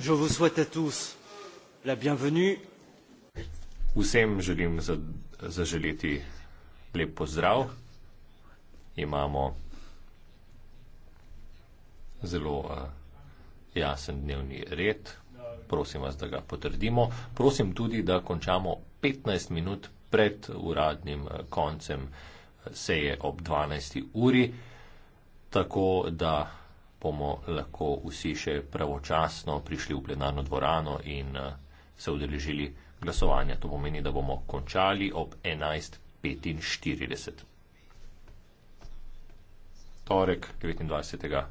je vous souhaite à tous la bienvenue. Vsem želim zaželiti lep pozdrav. Imamo zelo jasen dnevni red. Prosim vas, da ga potrdimo. Prosim tudi, da končamo 15 minut pred uradnim koncem seje ob 12. uri, tako da bomo lahko vsi še pravočasno prišli v plenarno dvorano in eh, se udeležili glasovanja. To pomeni, da bomo končali ob 11.45. Torek 29.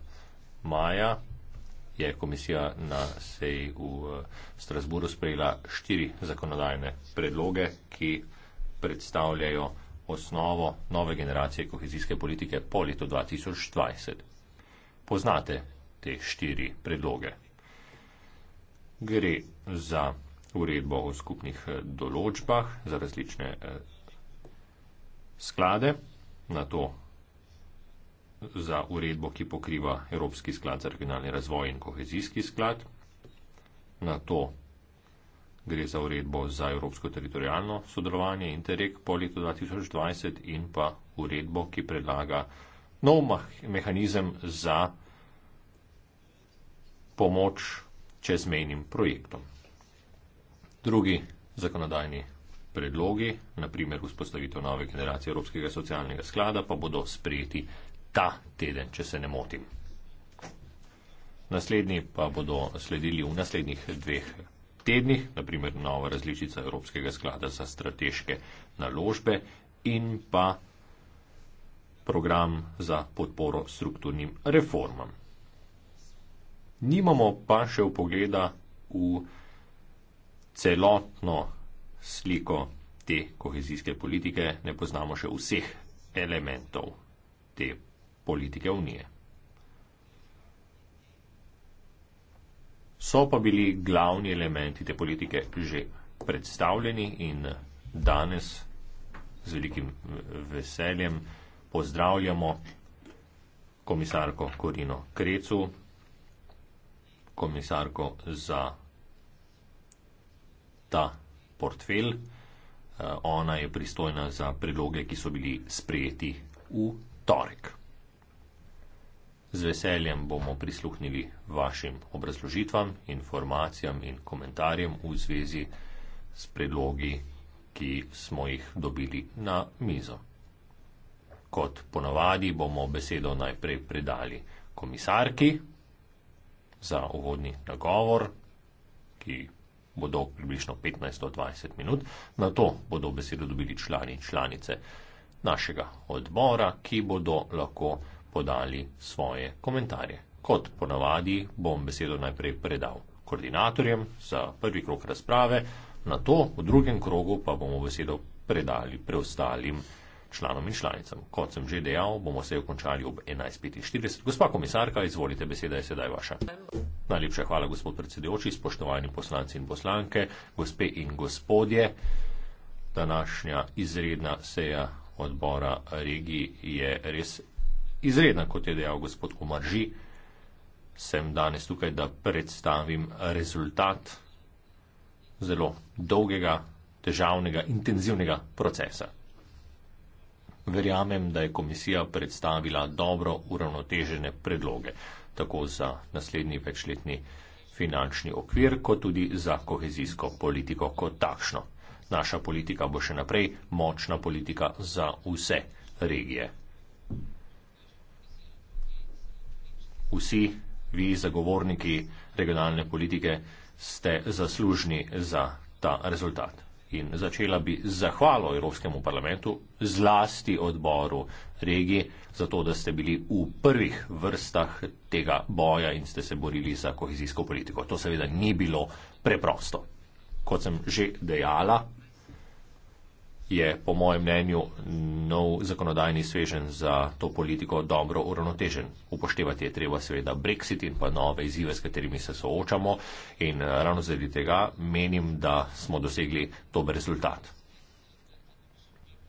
maja je komisija na seji v eh, Strasburu sprejela štiri zakonodajne predloge, ki predstavljajo osnovo nove generacije kohezijske politike po letu 2020 poznate te štiri predloge. Gre za uredbo o skupnih eh, določbah za različne eh, sklade, na to za uredbo, ki pokriva Evropski sklad za regionalni razvoj in kohezijski sklad, na to gre za uredbo za Evropsko teritorijalno sodelovanje Interreg po letu 2020 in pa uredbo, ki predlaga nov mehanizem za pomoč čezmejnim projektom. Drugi zakonodajni predlogi, naprimer vzpostavitev nove generacije Evropskega socialnega sklada, pa bodo sprejeti ta teden, če se ne motim. Naslednji pa bodo sledili v naslednjih dveh tednih, naprimer nova različica Evropskega sklada za strateške naložbe in pa program za podporo strukturnim reformam nimamo pa še upogleda v celotno sliko te kohezijske politike, ne poznamo še vseh elementov te politike unije. So pa bili glavni elementi te politike že predstavljeni in danes z velikim eh, veseljem pozdravljamo komisarko Korino Krecu, komisarko za ta portfelj. Eh, ona je pristojna za predloge, ki so bili sprejeti v torek. Z veseljem bomo prisluhnili vašim obrazložitvam, informacijam in komentarjem v zvezi s predlogi, ki smo jih dobili na mizo. Kot ponavadi bomo besedo najprej predali komisarki za uvodni nagovor, ki bo dolg približno 15 do 20 minut. Na to bodo besedo dobili člani in članice našega odbora, ki bodo lahko podali svoje komentarje. Kot ponavadi bom besedo najprej predal koordinatorjem za prvi krok razprave, na to v drugem krogu pa bomo besedo predali preostalim članom in članicam. Kot sem že dejal, bomo sejo končali ob 11.45. Gospa komisarka, izvolite, beseda je sedaj vaša. Najlepša hvala, gospod predsedujoči, spoštovani poslanci in poslanke, gospe in gospodje. Današnja izredna seja odbora regiji je res izredna, kot je dejal gospod Umarži. Sem danes tukaj, da predstavim rezultat zelo dolgega, težavnega, intenzivnega procesa verjamem, da je komisija predstavila dobro uravnotežene predloge, tako za naslednji večletni finančni okvir, kot tudi za kohezijsko politiko kot takšno. Naša politika bo še naprej močna politika za vse regije. Vsi vi, zagovorniki regionalne politike, ste zaslužni za ta rezultat in začela bi z zahvalo Evropskemu parlamentu, zlasti odboru regij, za to, da ste bili v prvih vrstah tega boja in ste se borili za kohezijsko politiko. To seveda ni bilo preprosto. Kot sem že dejala, je po mojem mnenju nov zakonodajni svežen za to politiko dobro uravnotežen. Upoštevati je treba seveda Brexit in pa nove izzive, s katerimi se soočamo in eh, ravno zaradi tega menim, da smo dosegli dober rezultat.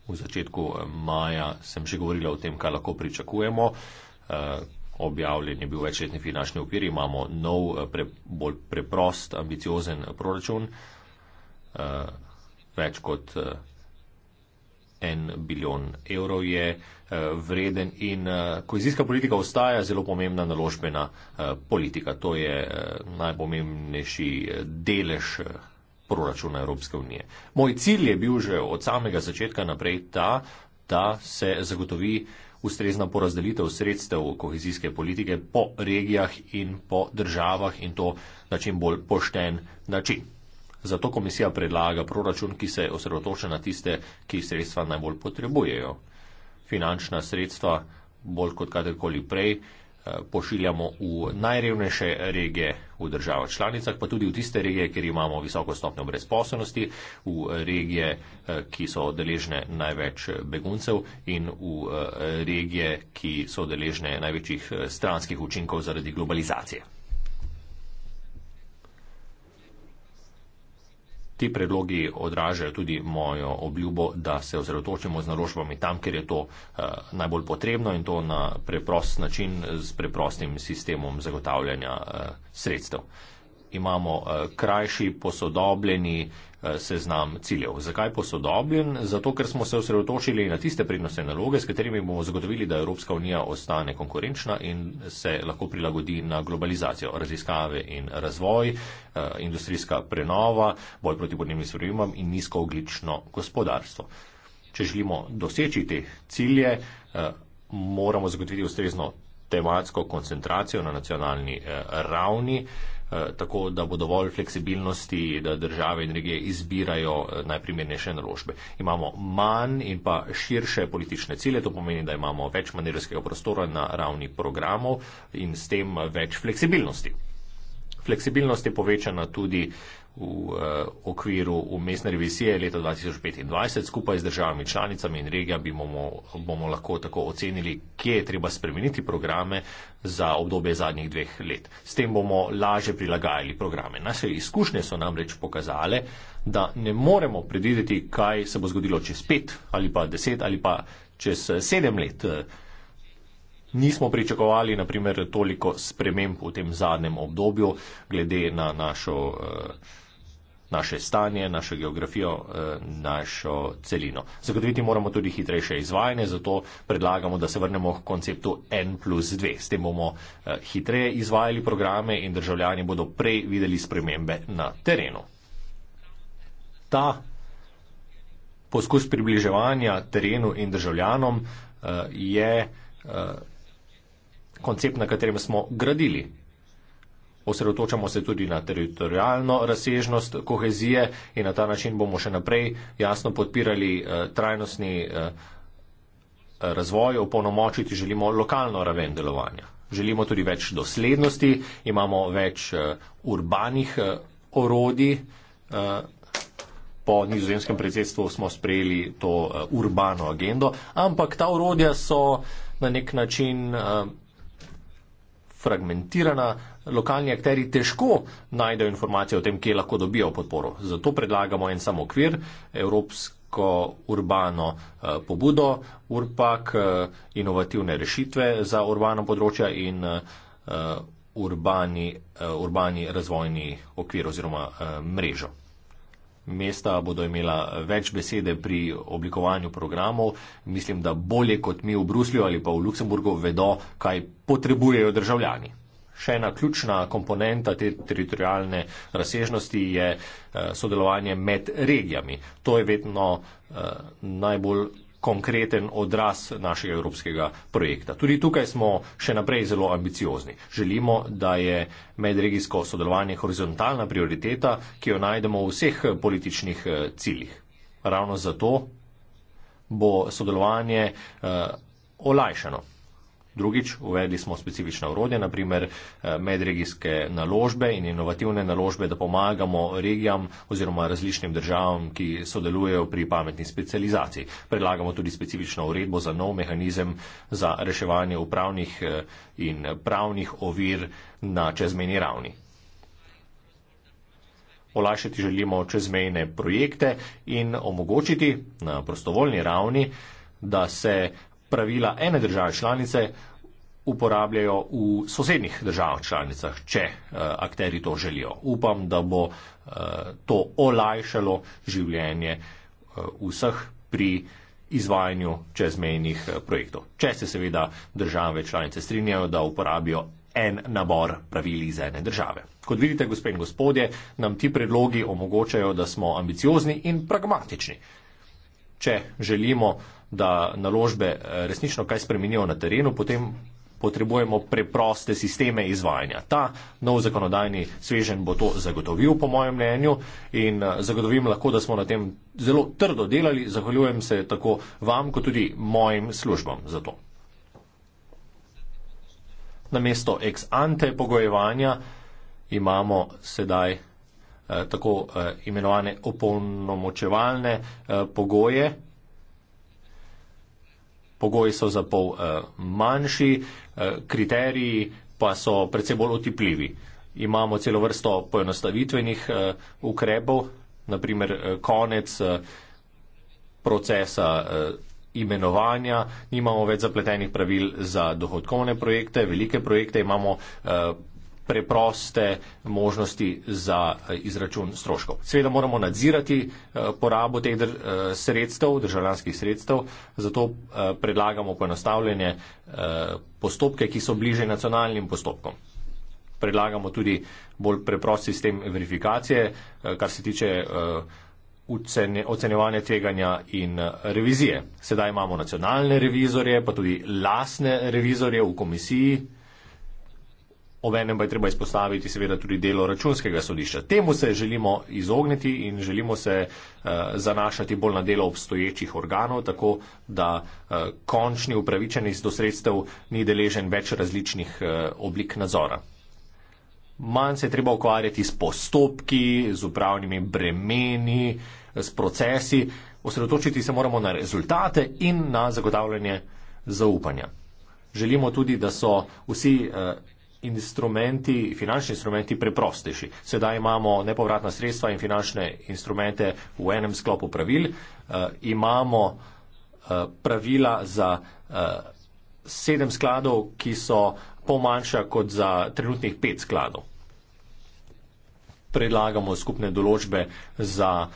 V začetku eh, maja sem že govorila o tem, kaj lahko pričakujemo. Eh, objavljen je bil večletni finančni okvir, imamo nov, pre, bolj preprost, ambiciozen proračun, več kot en bilijon evrov je eh, vreden in eh, kohezijska politika ostaja zelo pomembna naložbena eh, politika. To je najpomembnejši delež proračuna Evropske unije. Moj cilj je bil že od samega začetka naprej ta, da se zagotovi ustrezna porazdelitev sredstev kohezijske politike po regijah in po državah in to na čim bolj pošten način. Zato komisija predlaga proračun, ki se osredotoča na tiste, ki sredstva najbolj potrebujejo. Finančna sredstva bolj kot kadarkoli prej eh, pošiljamo v najrevnejše regije v državah članicah, pa tudi v tiste regije, kjer imamo visoko stopnjo brezposobnosti, v regije, eh, ki so deležne največ eh, beguncev in v regije, ki so deležne največjih stranskih učinkov zaradi globalizacije. Ti predlogi odražajo tudi mojo obljubo, da se ozredotočimo z naložbami tam, kjer je to eh, najbolj potrebno in to na preprost način s preprostim sistemom zagotavljanja eh, sredstev imamo eh, krajši posodobljeni eh, seznam ciljev. Zakaj posodobljen? Zato, ker smo se osredotočili na tiste prednostne naloge, s katerimi bomo zagotovili, da Evropska unija ostane konkurenčna in se lahko prilagodi na globalizacijo. Raziskave in razvoj, eh, industrijska prenova, boj proti podnebnim spremembam in nizkooglično gospodarstvo. Če želimo doseči te cilje, moramo zagotoviti ustrezno tematsko koncentracijo na nacionalni ravni. Eh, tako da bo dovolj fleksibilnosti, da države in regije izbirajo eh, najprimernejše naložbe. Imamo manj in pa širše politične cilje, to pomeni, da imamo več manevrskega prostora na ravni programov in s tem eh, več fleksibilnosti. Fleksibilnost je povečana tudi uh, v eh, okviru umestne revizije leta 2025 skupaj z državami članicami in regijami bomo, bomo lahko tako ocenili, kje je treba spremeniti programe za obdobje zadnjih dveh let. S tem bomo laže prilagajali programe. Naše izkušnje so namreč pokazale, da ne moremo predvideti, kaj se bo zgodilo čez pet ali pa deset ali pa čez eh, sedem let. Nismo pričakovali, naprimer, toliko sprememb v tem zadnjem obdobju glede na našo. Uh, naše stanje, našo geografijo, eh, našo celino. Zagotoviti moramo tudi hitrejše izvajanje, zato predlagamo, da se vrnemo k konceptu N plus 2. S tem bomo eh, hitreje izvajali programe in državljani bodo prej videli spremembe na terenu. Ta poskus približevanja terenu in državljanom eh, je koncept, na katerem smo gradili Osredotočamo se tudi na teritorijalno razsežnost kohezije in na ta način bomo še naprej jasno podpirali eh, trajnostni eh, razvoj, opolnomočiti želimo lokalno raven delovanja. Želimo tudi več doslednosti, imamo več eh, urbanih orodi. Po nizozemskem predsedstvu smo sprejeli to urbano agendo, ampak ta urodja so na nek način fragmentirana, lokalni akteri težko najdejo informacije o tem, kje lahko dobijo podporo. Zato predlagamo en sam okvir, evropsko urbano eh, pobudo, urpak, eh, inovativne rešitve za urbano področje in eh, urbani, eh, urbani razvojni okvir oziroma eh, mrežo mesta bodo imela več besede pri oblikovanju programov. Mislim, da bolje kot mi v Bruslju ali pa v Luksemburgu vedo, kaj potrebujejo državljani. Še ena ključna komponenta te teritorijalne razsežnosti je eh, sodelovanje med regijami. To je vedno eh, najbolj konkreten odraz našega evropskega projekta. Tudi tukaj smo še naprej zelo ambiciozni. Želimo, da je medregijsko sodelovanje horizontalna prioriteta, ki jo najdemo v vseh eh, političnih eh, ciljih. Ravno zato bo sodelovanje uh, olajšano. Drugič, uvedli smo specifična urodja, naprimer eh, medregijske naložbe in inovativne naložbe, da pomagamo regijam oziroma različnim državam, ki sodelujejo pri pametni specializaciji. Predlagamo tudi specifično uredbo za nov mehanizem za reševanje upravnih eh, in pravnih ovir na čezmejni ravni. Olajšati želimo čezmejne projekte in omogočiti na prostovoljni ravni, da se pravila ene države članice uporabljajo v sosednjih državah članicah, če uh, eh, akteri to želijo. Upam, da bo uh, to olajšalo življenje uh, vseh pri izvajanju čezmejnih uh, projektov. Če se seveda države članice strinjajo, da uporabijo en nabor pravil iz ene države. Kot vidite, gospe in gospodje, nam ti predlogi omogočajo, da smo ambiciozni in pragmatični. Če želimo uh, da naložbe eh, resnično kaj spremenijo na terenu, potem potrebujemo preproste sisteme izvajanja. Ta nov zakonodajni svežen bo to zagotovil, po mojem mnenju, in eh, zagotovim lahko, da smo na tem zelo trdo delali. Zahvaljujem se tako vam, kot tudi mojim službam za to. Na mesto ex ante pogojevanja imamo sedaj eh, tako eh, imenovane opolnomočevalne eh, pogoje, pogoji so za pol eh, manjši, eh, kriteriji pa so predvsem bolj otipljivi. Imamo celo vrsto poenostavitvenih eh, ukrepov, naprimer konec procesa imenovanja, nimamo več zapletenih pravil za dohodkovne projekte, velike projekte, imamo preproste možnosti za eh, izračun stroškov. Sveda moramo nadzirati eh, porabo teh eh, sredstev, državljanskih sredstev, zato predlagamo poenostavljanje postopke, ki so bliže nacionalnim postopkom. Predlagamo tudi bolj preprost sistem verifikacije, kar se tiče ocenjevanja tveganja in revizije. Sedaj imamo nacionalne revizorje, pa tudi lasne revizorje v komisiji, Obenem pa je treba izpostaviti seveda tudi delo računskega sodišča. Temu se želimo izogniti in želimo se uh, zanašati bolj na delo obstoječih organov, tako da uh, končni upravičenec do sredstev ni deležen več različnih uh, oblik nadzora. Manj se je treba ukvarjati s postopki, z upravnimi bremeni, s procesi, osredotočiti se moramo na rezultate in na zagotavljanje zaupanja. Želimo tudi, da so vsi uh, instrumenti, finančni instrumenti preprostejši. Sedaj imamo nepovratna sredstva in finančne instrumente v enem sklopu pravil. Uh, imamo uh, pravila za uh, sedem skladov, ki so pomanjša kot za trenutnih pet skladov. Predlagamo skupne določbe za uh,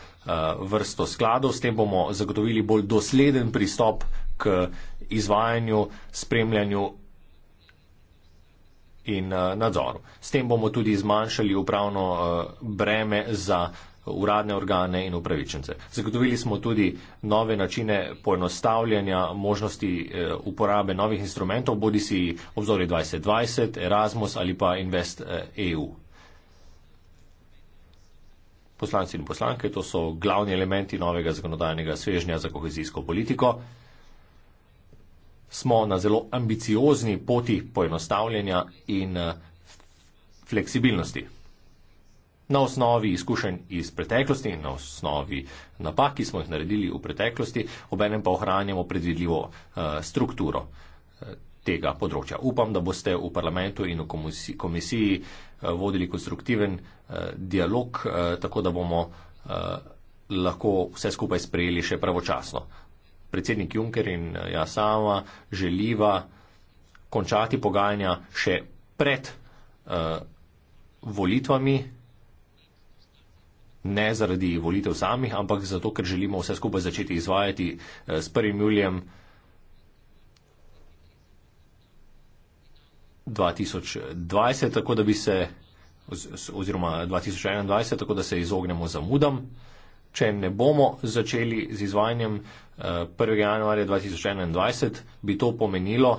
vrsto skladov, s tem bomo zagotovili bolj dosleden pristop k izvajanju, spremljanju in eh, nadzoru. S tem bomo tudi zmanjšali upravno eh, breme za uradne organe in upravičence. Zagotovili smo tudi nove načine poenostavljanja možnosti eh, uporabe novih instrumentov, bodi si obzori 2020, Erasmus ali pa Invest EU. E Poslanci in poslanke, to so glavni elementi novega zakonodajnega svežnja za kohezijsko politiko smo na zelo ambiciozni poti poenostavljanja in eh, fleksibilnosti. Na osnovi izkušenj iz preteklosti in na osnovi napak, ki smo jih naredili v preteklosti, obenem pa ohranjamo predvidljivo eh, strukturo eh, tega področja. Upam, da boste v parlamentu in v komisiji vodili konstruktiven dialog, tako da bomo lahko vse skupaj sprejeli še pravočasno predsednik Juncker in eh, jaz sama želiva končati pogajanja še pred uh, volitvami, ne zaradi volitev samih, ampak zato, ker želimo vse skupaj začeti izvajati uh, s 1. julijem 2020, tako da bi se oziroma 2021, tako da se izognemo zamudam če ne bomo začeli z izvajanjem 1. Eh, januarja 2021, bi to pomenilo,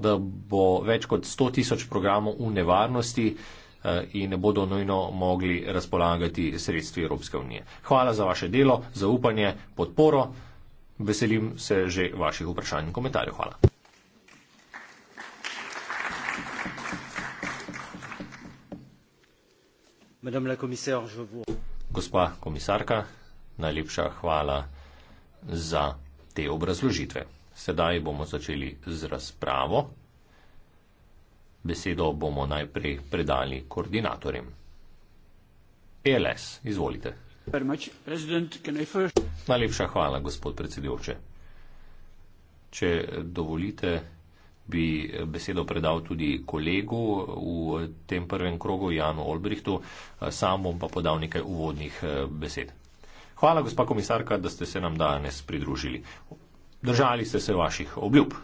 da bo več kot 100 tisoč programov v nevarnosti eh, in ne bodo nujno mogli razpolagati sredstvi Evropske unije. Hvala za vaše delo, zaupanje, podporo. Veselim se že vaših vprašanj in komentarjev. Hvala. Madame la commissaire, je vous. Gospa komisarka, najlepša hvala za te obrazložitve. Sedaj bomo začeli z razpravo. Besedo bomo najprej predali koordinatorjem. ELS, izvolite. Najlepša hvala, gospod predsedujoče. Če dovolite, bi besedo predal tudi kolegu v tem prvem krogu, Janu Olbrihtu, sam bom pa podal nekaj uvodnih eh, besed. Hvala, gospa komisarka, da ste se nam danes pridružili. Držali ste se vaših obljub.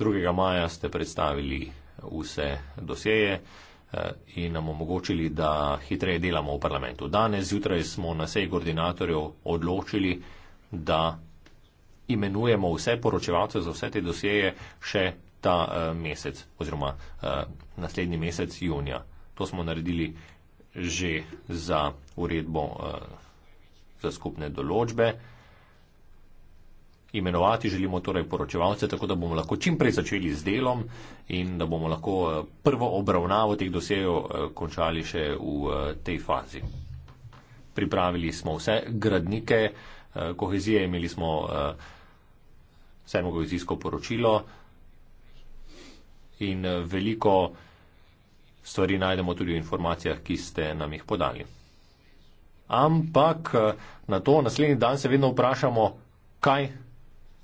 2. maja ste predstavili vse dosjeje eh, in nam omogočili, da hitreje delamo v parlamentu. Danes zjutraj smo na sej koordinatorjev odločili, da imenujemo vse poročevalce za vse te dosjeje še ta uh, mesec oziroma uh, naslednji mesec junija. To smo naredili že za uredbo uh, za skupne določbe. Imenovati želimo torej poročevalce, tako da bomo lahko čim prej začeli z delom in da bomo lahko prvo obravnavo teh dosejev končali še v tej fazi. Pripravili smo vse gradnike, Eh, kohezije, imeli smo vsemogovizijsko eh, poročilo in eh, veliko stvari najdemo tudi v informacijah, ki ste nam jih podali. Ampak na to naslednji dan se vedno vprašamo, kaj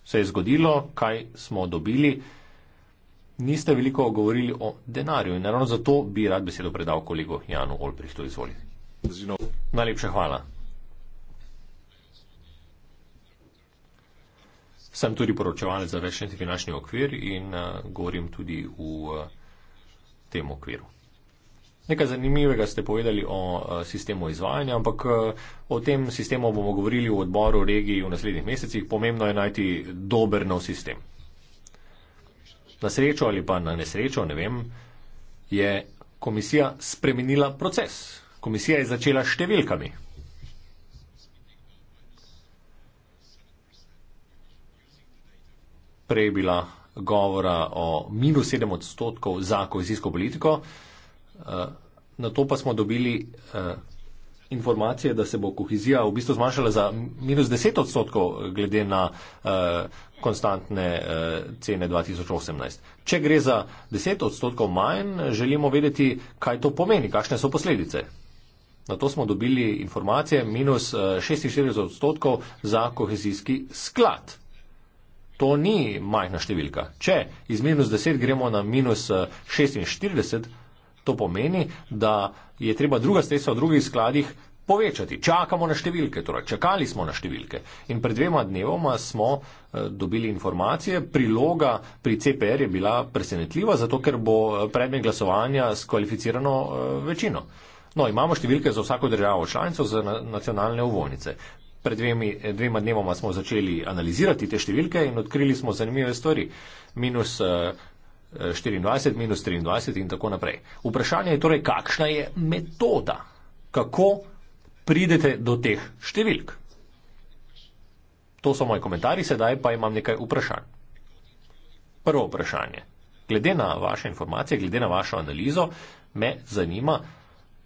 se je zgodilo, kaj smo dobili. Niste veliko govorili o denarju in naravno zato bi rad besedo predal kolegu Janu Olprihtu. Izvoli. Najlepša hvala. Sem tudi poročevalec za rešeni finančni okvir in uh, govorim tudi v uh, tem okviru. Nekaj zanimivega ste povedali o uh, sistemu izvajanja, ampak uh, o tem sistemu bomo govorili v odboru regiji v naslednjih mesecih. Pomembno je najti dober nov sistem. Na srečo ali pa na nesrečo, ne vem, je komisija spremenila proces. Komisija je začela s številkami. prej je bila govora o minus 7 odstotkov za kohezijsko politiko. Eh, na to pa smo dobili eh, informacije, da se bo kohezija v bistvu zmanjšala za minus 10 odstotkov eh, glede na konstantne cene 2018. Če gre za 10 odstotkov manj, želimo vedeti, kaj to pomeni, kakšne so posledice. Na to smo dobili informacije minus 46 odstotkov za kohezijski sklad to ni majhna številka. Če iz minus 10 gremo na minus 46, eh, to pomeni, da je treba druga sredstva v drugih skladih povečati. Čakamo na številke, torej čakali smo na številke. In pred dvema dnevoma smo eh, dobili informacije, priloga pri CPR je bila presenetljiva, zato ker bo eh, predmet glasovanja s kvalificirano večino. No, imamo številke za vsako državo članico, za nacionalne uvojnice pred dvemi, eh, dvema dnevoma smo začeli analizirati te številke in odkrili smo zanimive stvari. Minus uh, eh, 24, eh, minus 23 in tako naprej. Vprašanje je torej, kakšna je metoda, kako pridete do teh številk. To so moji komentarji, sedaj pa imam nekaj vprašanj. Prvo vprašanje. Glede na vaše informacije, glede na vašo analizo, me zanima,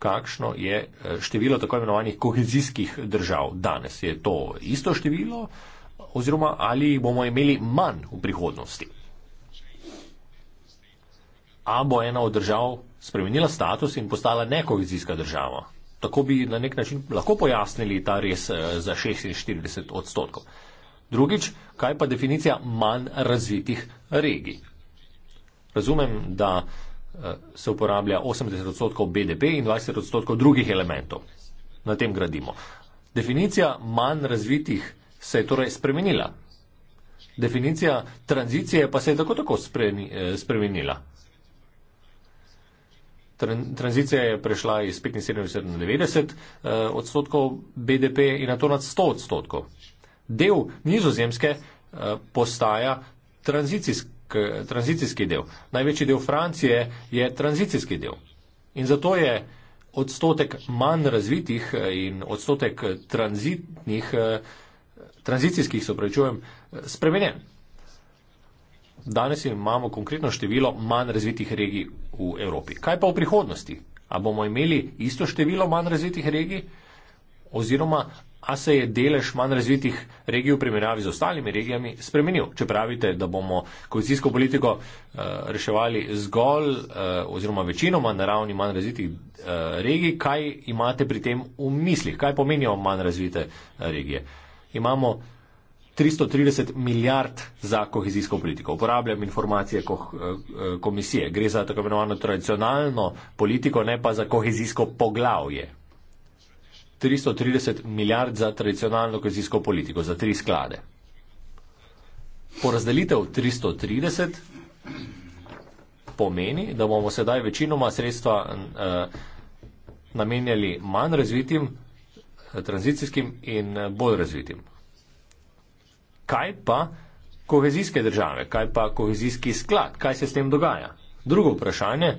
kakšno je eh, število tako imenovanih kohezijskih držav danes. Je to isto število oziroma ali bomo imeli manj v prihodnosti? A bo ena od držav spremenila status in postala nekohezijska država? Tako bi na nek način lahko pojasnili ta res eh, za 46 odstotkov. Drugič, kaj pa definicija manj razvitih regij? Razumem, da Eh, se uporablja 80 odstotkov BDP in 20 odstotkov drugih elementov. Na tem gradimo. Definicija manj razvitih se je torej spremenila. Definicija tranzicije pa se je tako tako eh, spremenila. Tranzicija je prešla iz 75 na 90 eh, odstotkov BDP in na to nad 100 odstotkov. Del nizozemske postaja tranzicijska k, tranzicijski del. Največji del Francije je tranzicijski del. In zato je odstotek manj razvitih eh, in odstotek tranzitnih, eh, tranzicijskih, se pravičujem, eh, spremenjen. Danes imamo konkretno število manj razvitih regij v Evropi. Kaj pa v prihodnosti? A bomo imeli isto število manj razvitih regij? Oziroma, a se je delež manj razvitih regij v primerjavi z ostalimi regijami spremenil. Če pravite, da bomo koalicijsko politiko eh, reševali zgolj eh, oziroma večinoma na ravni manj razvitih eh, regij, kaj imate pri tem v mislih? Kaj pomenijo manj razvite regije? Imamo 330 milijard za kohezijsko politiko. Uporabljam informacije komisije. Gre za tako imenovano tradicionalno politiko, ne pa za kohezijsko poglavje. 330 milijard za tradicionalno kohezijsko politiko, za tri sklade. Porazdelitev 330 pomeni, da bomo sedaj večinoma sredstva eh, namenjali manj razvitim, eh, tranzicijskim in eh, bolj razvitim. Kaj pa kohezijske države, kaj pa kohezijski sklad, kaj se s tem dogaja? Drugo vprašanje,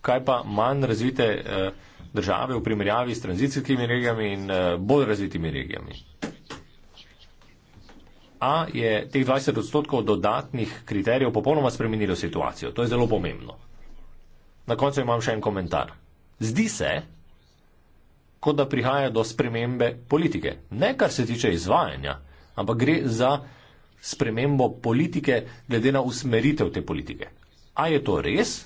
kaj pa manj razvite. Eh, države v primerjavi s tranzicijskimi regijami in eh, bolj razvitimi regijami. A je teh 20 odstotkov dodatnih kriterijev popolnoma spremenilo situacijo. To je zelo pomembno. Na koncu imam še en komentar. Zdi se, kot da prihaja do spremembe politike. Ne kar se tiče izvajanja, ampak gre za spremembo politike glede na usmeritev te politike. A je to res?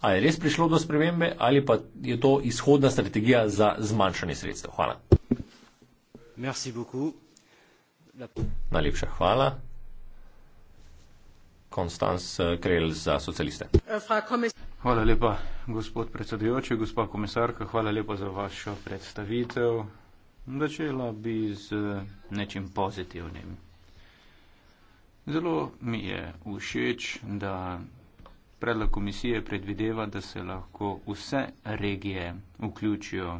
ali je res prišlo do spremembe ali pa je to izhodna strategija za zmanjšanje sredstev. Hvala. Najlepša hvala. Konstanc eh, Krel za socialiste. Eh, hvala lepa, gospod predsedujoči, gospa komisarka, hvala lepa za vašo predstavitev. Začela bi z eh, nečim pozitivnim. Zelo mi je všeč, da Predlog komisije predvideva, da se lahko vse regije vključijo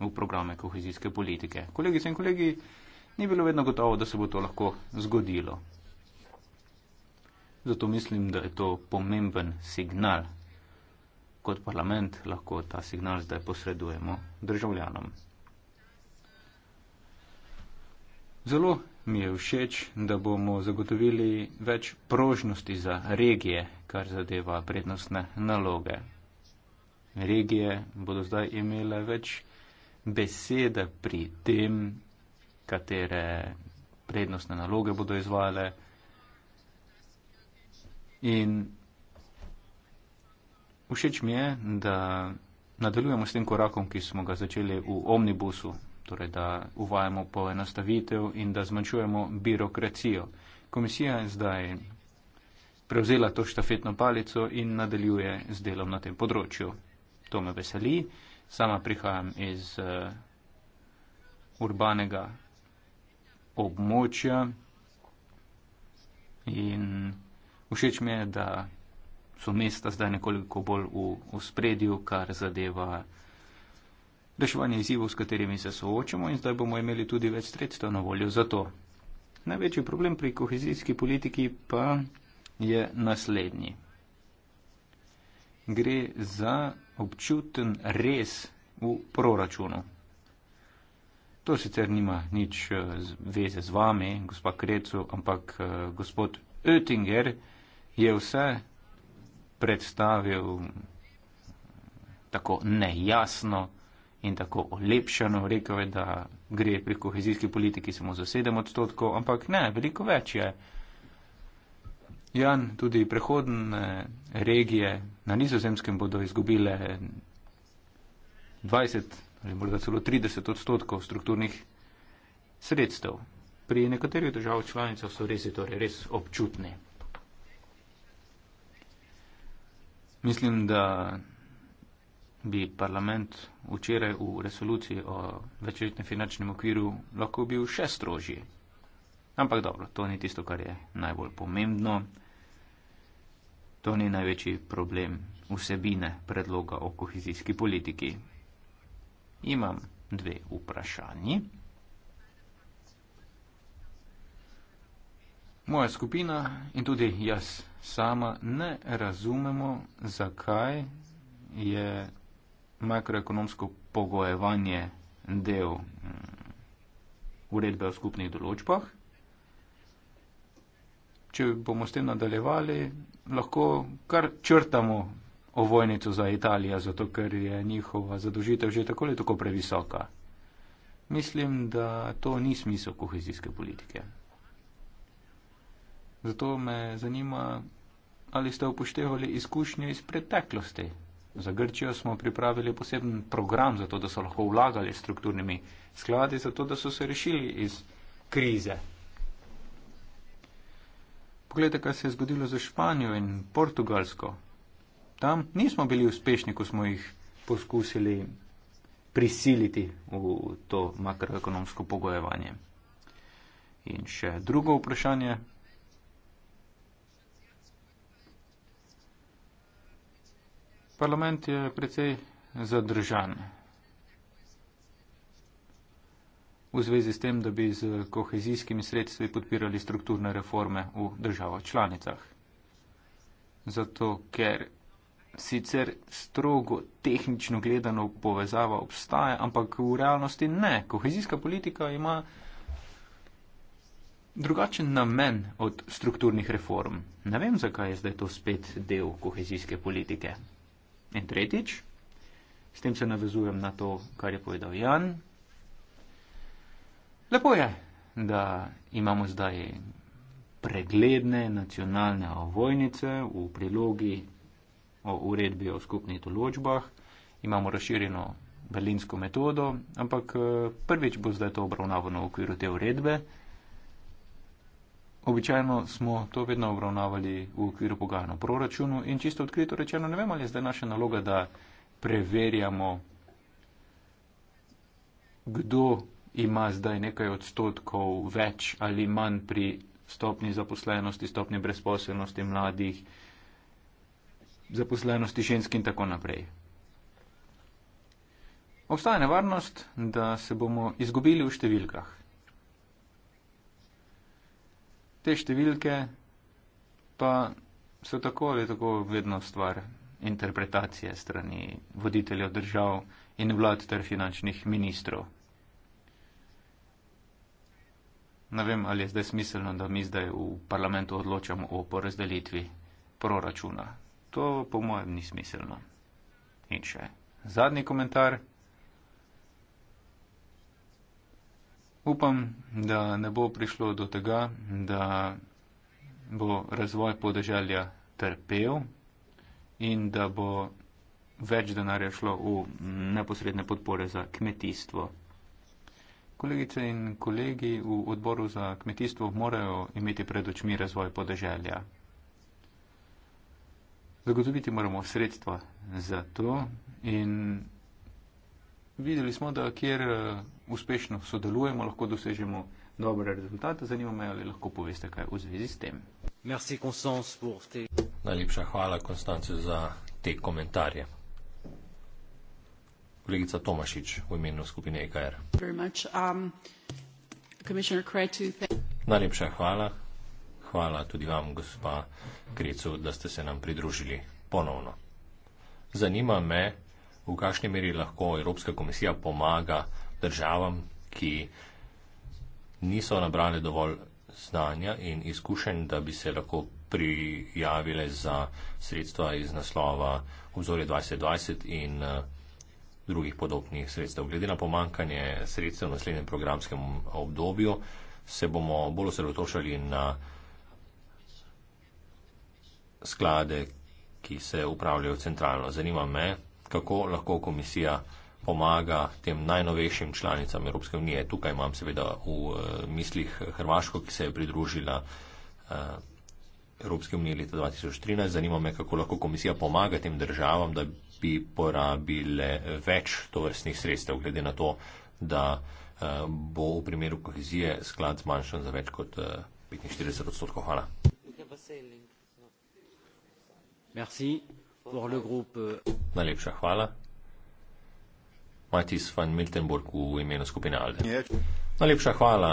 v programe kohezijske politike. Kolegice in kolegi, ni bilo vedno gotovo, da se bo to lahko zgodilo. Zato mislim, da je to pomemben signal. Kot parlament lahko ta signal zdaj posredujemo državljanom. Zelo mi je všeč, da bomo zagotovili več prožnosti za regije, kar zadeva prednostne naloge. Regije bodo zdaj imele več besede pri tem, katere prednostne naloge bodo izvajale in všeč mi je, da nadaljujemo s tem korakom, ki smo ga začeli v omnibusu torej da uvajamo poenostavitev in da zmanjšujemo birokracijo. Komisija je zdaj prevzela to štafetno palico in nadaljuje z delom na tem področju. To me veseli. Sama prihajam iz uh, urbanega območja in všeč mi je, da so mesta zdaj nekoliko bolj v, v spredju, kar zadeva uh, reševanje izzivov, s katerimi se soočamo in zdaj bomo imeli tudi več sredstev na voljo za to. Največji problem pri kohezijski politiki pa je naslednji. Gre za občuten res v proračunu. To sicer nima nič eh, veze z vami, gospod Krecu, ampak eh, gospod Oettinger je vse predstavil tako nejasno, in tako olepšano rekel, da gre pri kohezijski politiki samo za 7 odstotkov, ampak ne, veliko več je. Jan, tudi prehodne regije na nizozemskem bodo izgubile 20 ali morda celo 30 odstotkov strukturnih sredstev. Pri nekaterih državah članicah so resi torej res občutni. Mislim, da bi parlament včeraj v resoluciji o večletnem finančnem okviru lahko bil še strožji. Ampak dobro, to ni tisto, kar je najbolj pomembno. To ni največji problem vsebine predloga o kohezijski politiki. Imam dve vprašanji. Moja skupina in tudi jaz sama ne razumemo, zakaj je makroekonomsko pogojevanje del mm, uredbe o skupnih določbah. Če bomo s tem nadaljevali, lahko kar črtamo ovojnico za Italijo, zato ker je njihova zadožitev že tako ali tako previsoka. Mislim, da to ni smisel kohezijske politike. Zato me zanima, ali ste upoštevali izkušnje iz preteklosti. Za Grčijo smo pripravili poseben program, zato da so lahko vlagali strukturnimi skladi, zato da so se rešili iz krize. Poglejte, kaj se je zgodilo za Španijo in Portugalsko. Tam nismo bili uspešni, ko smo jih poskusili prisiliti v to makroekonomsko pogojevanje. In še drugo vprašanje, Parlament je precej zadržan. v zvezi s tem, da bi z kohezijskimi sredstvi podpirali strukturne reforme v državah članicah. Zato, ker sicer strogo tehnično gledano povezava obstaja, ampak v realnosti ne. Kohezijska politika ima drugačen namen od strukturnih reform. Ne vem, zakaj je zdaj to spet del kohezijske politike. In tretjič, s tem se navezujem na to, kar je povedal Jan. Lepo je, da imamo zdaj pregledne nacionalne ovojnice v prilogi o uredbi o skupnih določbah, imamo razširjeno berlinsko metodo, ampak eh, prvič bo zdaj to obravnavano v okviru te uredbe. Običajno smo to vedno obravnavali v okviru pogajanja o proračunu in čisto odkrito rečeno ne vem, ali je zdaj naša naloga, da preverjamo, kdo ima zdaj nekaj odstotkov več ali manj pri stopni zaposlenosti, stopni brezposelnosti mladih, zaposlenosti žensk in tako naprej. Obstaja nevarnost, da se bomo izgubili v številkah te številke pa so tako ali tako vedno stvar interpretacije strani voditeljev držav in vlad ter finančnih ministrov. Ne vem, ali je zdaj smiselno, da mi zdaj v parlamentu odločamo o porazdelitvi proračuna. To po mojem ni smiselno. In še zadnji komentar. Upam, da ne bo prišlo do tega, da bo razvoj podeželja trpel in da bo več denarja šlo v neposredne podpore za kmetijstvo. Kolegice in kolegi v odboru za kmetijstvo morajo imeti pred očmi razvoj podeželja. Zagotoviti moramo sredstva za to in Videli smo, da kjer eh, uspešno sodelujemo, lahko dosežemo dobre rezultate. Zanima me, ali lahko poveste kaj v zvezi s tem. Merci, te... Najlepša hvala, Konstance, za te komentarje. Kolegica Tomašič v imenu skupine EKR. Um, Najlepša hvala. Hvala tudi vam, gospa Krecu, da ste se nam pridružili ponovno. Zanima me, v kakšni meri lahko Evropska komisija pomaga državam, ki niso nabrali dovolj znanja in izkušenj, da bi se lahko prijavile za sredstva iz naslova Vzorje 2020 in eh, drugih podobnih sredstev. Glede na pomankanje sredstev v naslednjem programskem obdobju se bomo bolj osredotočali na sklade, ki se upravljajo centralno. Zanima me, kako lahko komisija pomaga tem najnovejšim članicam Evropske unije. Tukaj imam seveda v eh, mislih Hrvaško, ki se je pridružila eh, Evropske unije leta 2013. Zanima me, kako lahko komisija pomaga tem državam, da bi porabile več tovrstnih sredstev, glede na to, da eh, bo v primeru kohezije sklad zmanjšan za več kot 45 odstotkov. Hvala. Merci pour le groupe. Euh, Najlepša hvala. Matis van Miltenburg v imenu skupine Alde. Ja. Najlepša hvala,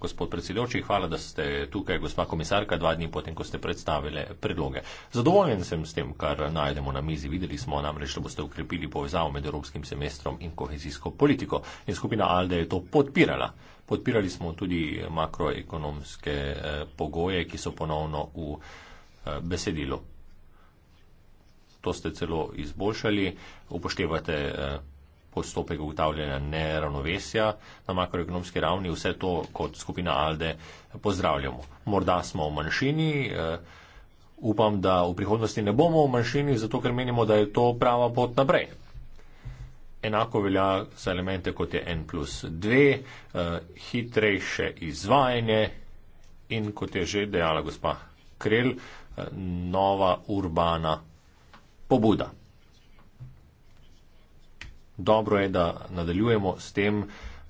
gospod predsedoči, hvala, da ste tukaj, gospa komisarka, dva dni potem, ko ste predstavili predloge. Zadovoljen sem s tem, kar najdemo na mizi. Videli smo namreč, da boste ukrepili povezavo med evropskim semestrom in kohezijsko politiko. In skupina Alde je to podpirala. Podpirali smo tudi makroekonomske eh, pogoje, ki so ponovno v eh, besedilu to ste celo izboljšali, upoštevate eh, postopek ugotavljanja neravnovesja na makroekonomski ravni. Vse to kot skupina Alde pozdravljamo. Morda smo v manjšini, eh, upam, da v prihodnosti ne bomo v manjšini, zato ker menimo, da je to prava pot naprej. Enako velja za elemente kot je N plus 2, eh, hitrejše izvajanje in kot je že dejala gospa Krel, nova urbana pobuda. Dobro je, da nadaljujemo s tem,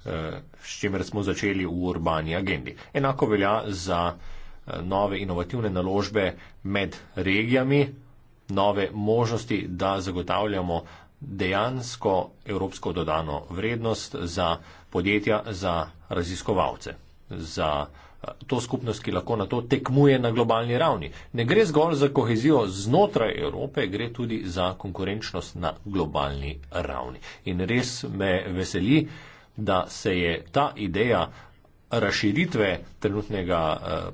eh, s čimer smo začeli v urbani agendi. Enako velja za eh, nove inovativne naložbe med regijami, nove možnosti, da zagotavljamo dejansko evropsko dodano vrednost za podjetja, za raziskovalce, za uh, to skupnost, ki lahko na to tekmuje na globalni ravni. Ne gre zgolj za kohezijo znotraj Evrope, gre tudi za konkurenčnost na globalni ravni. In res me veseli, da se je ta ideja razširitve trenutnega eh,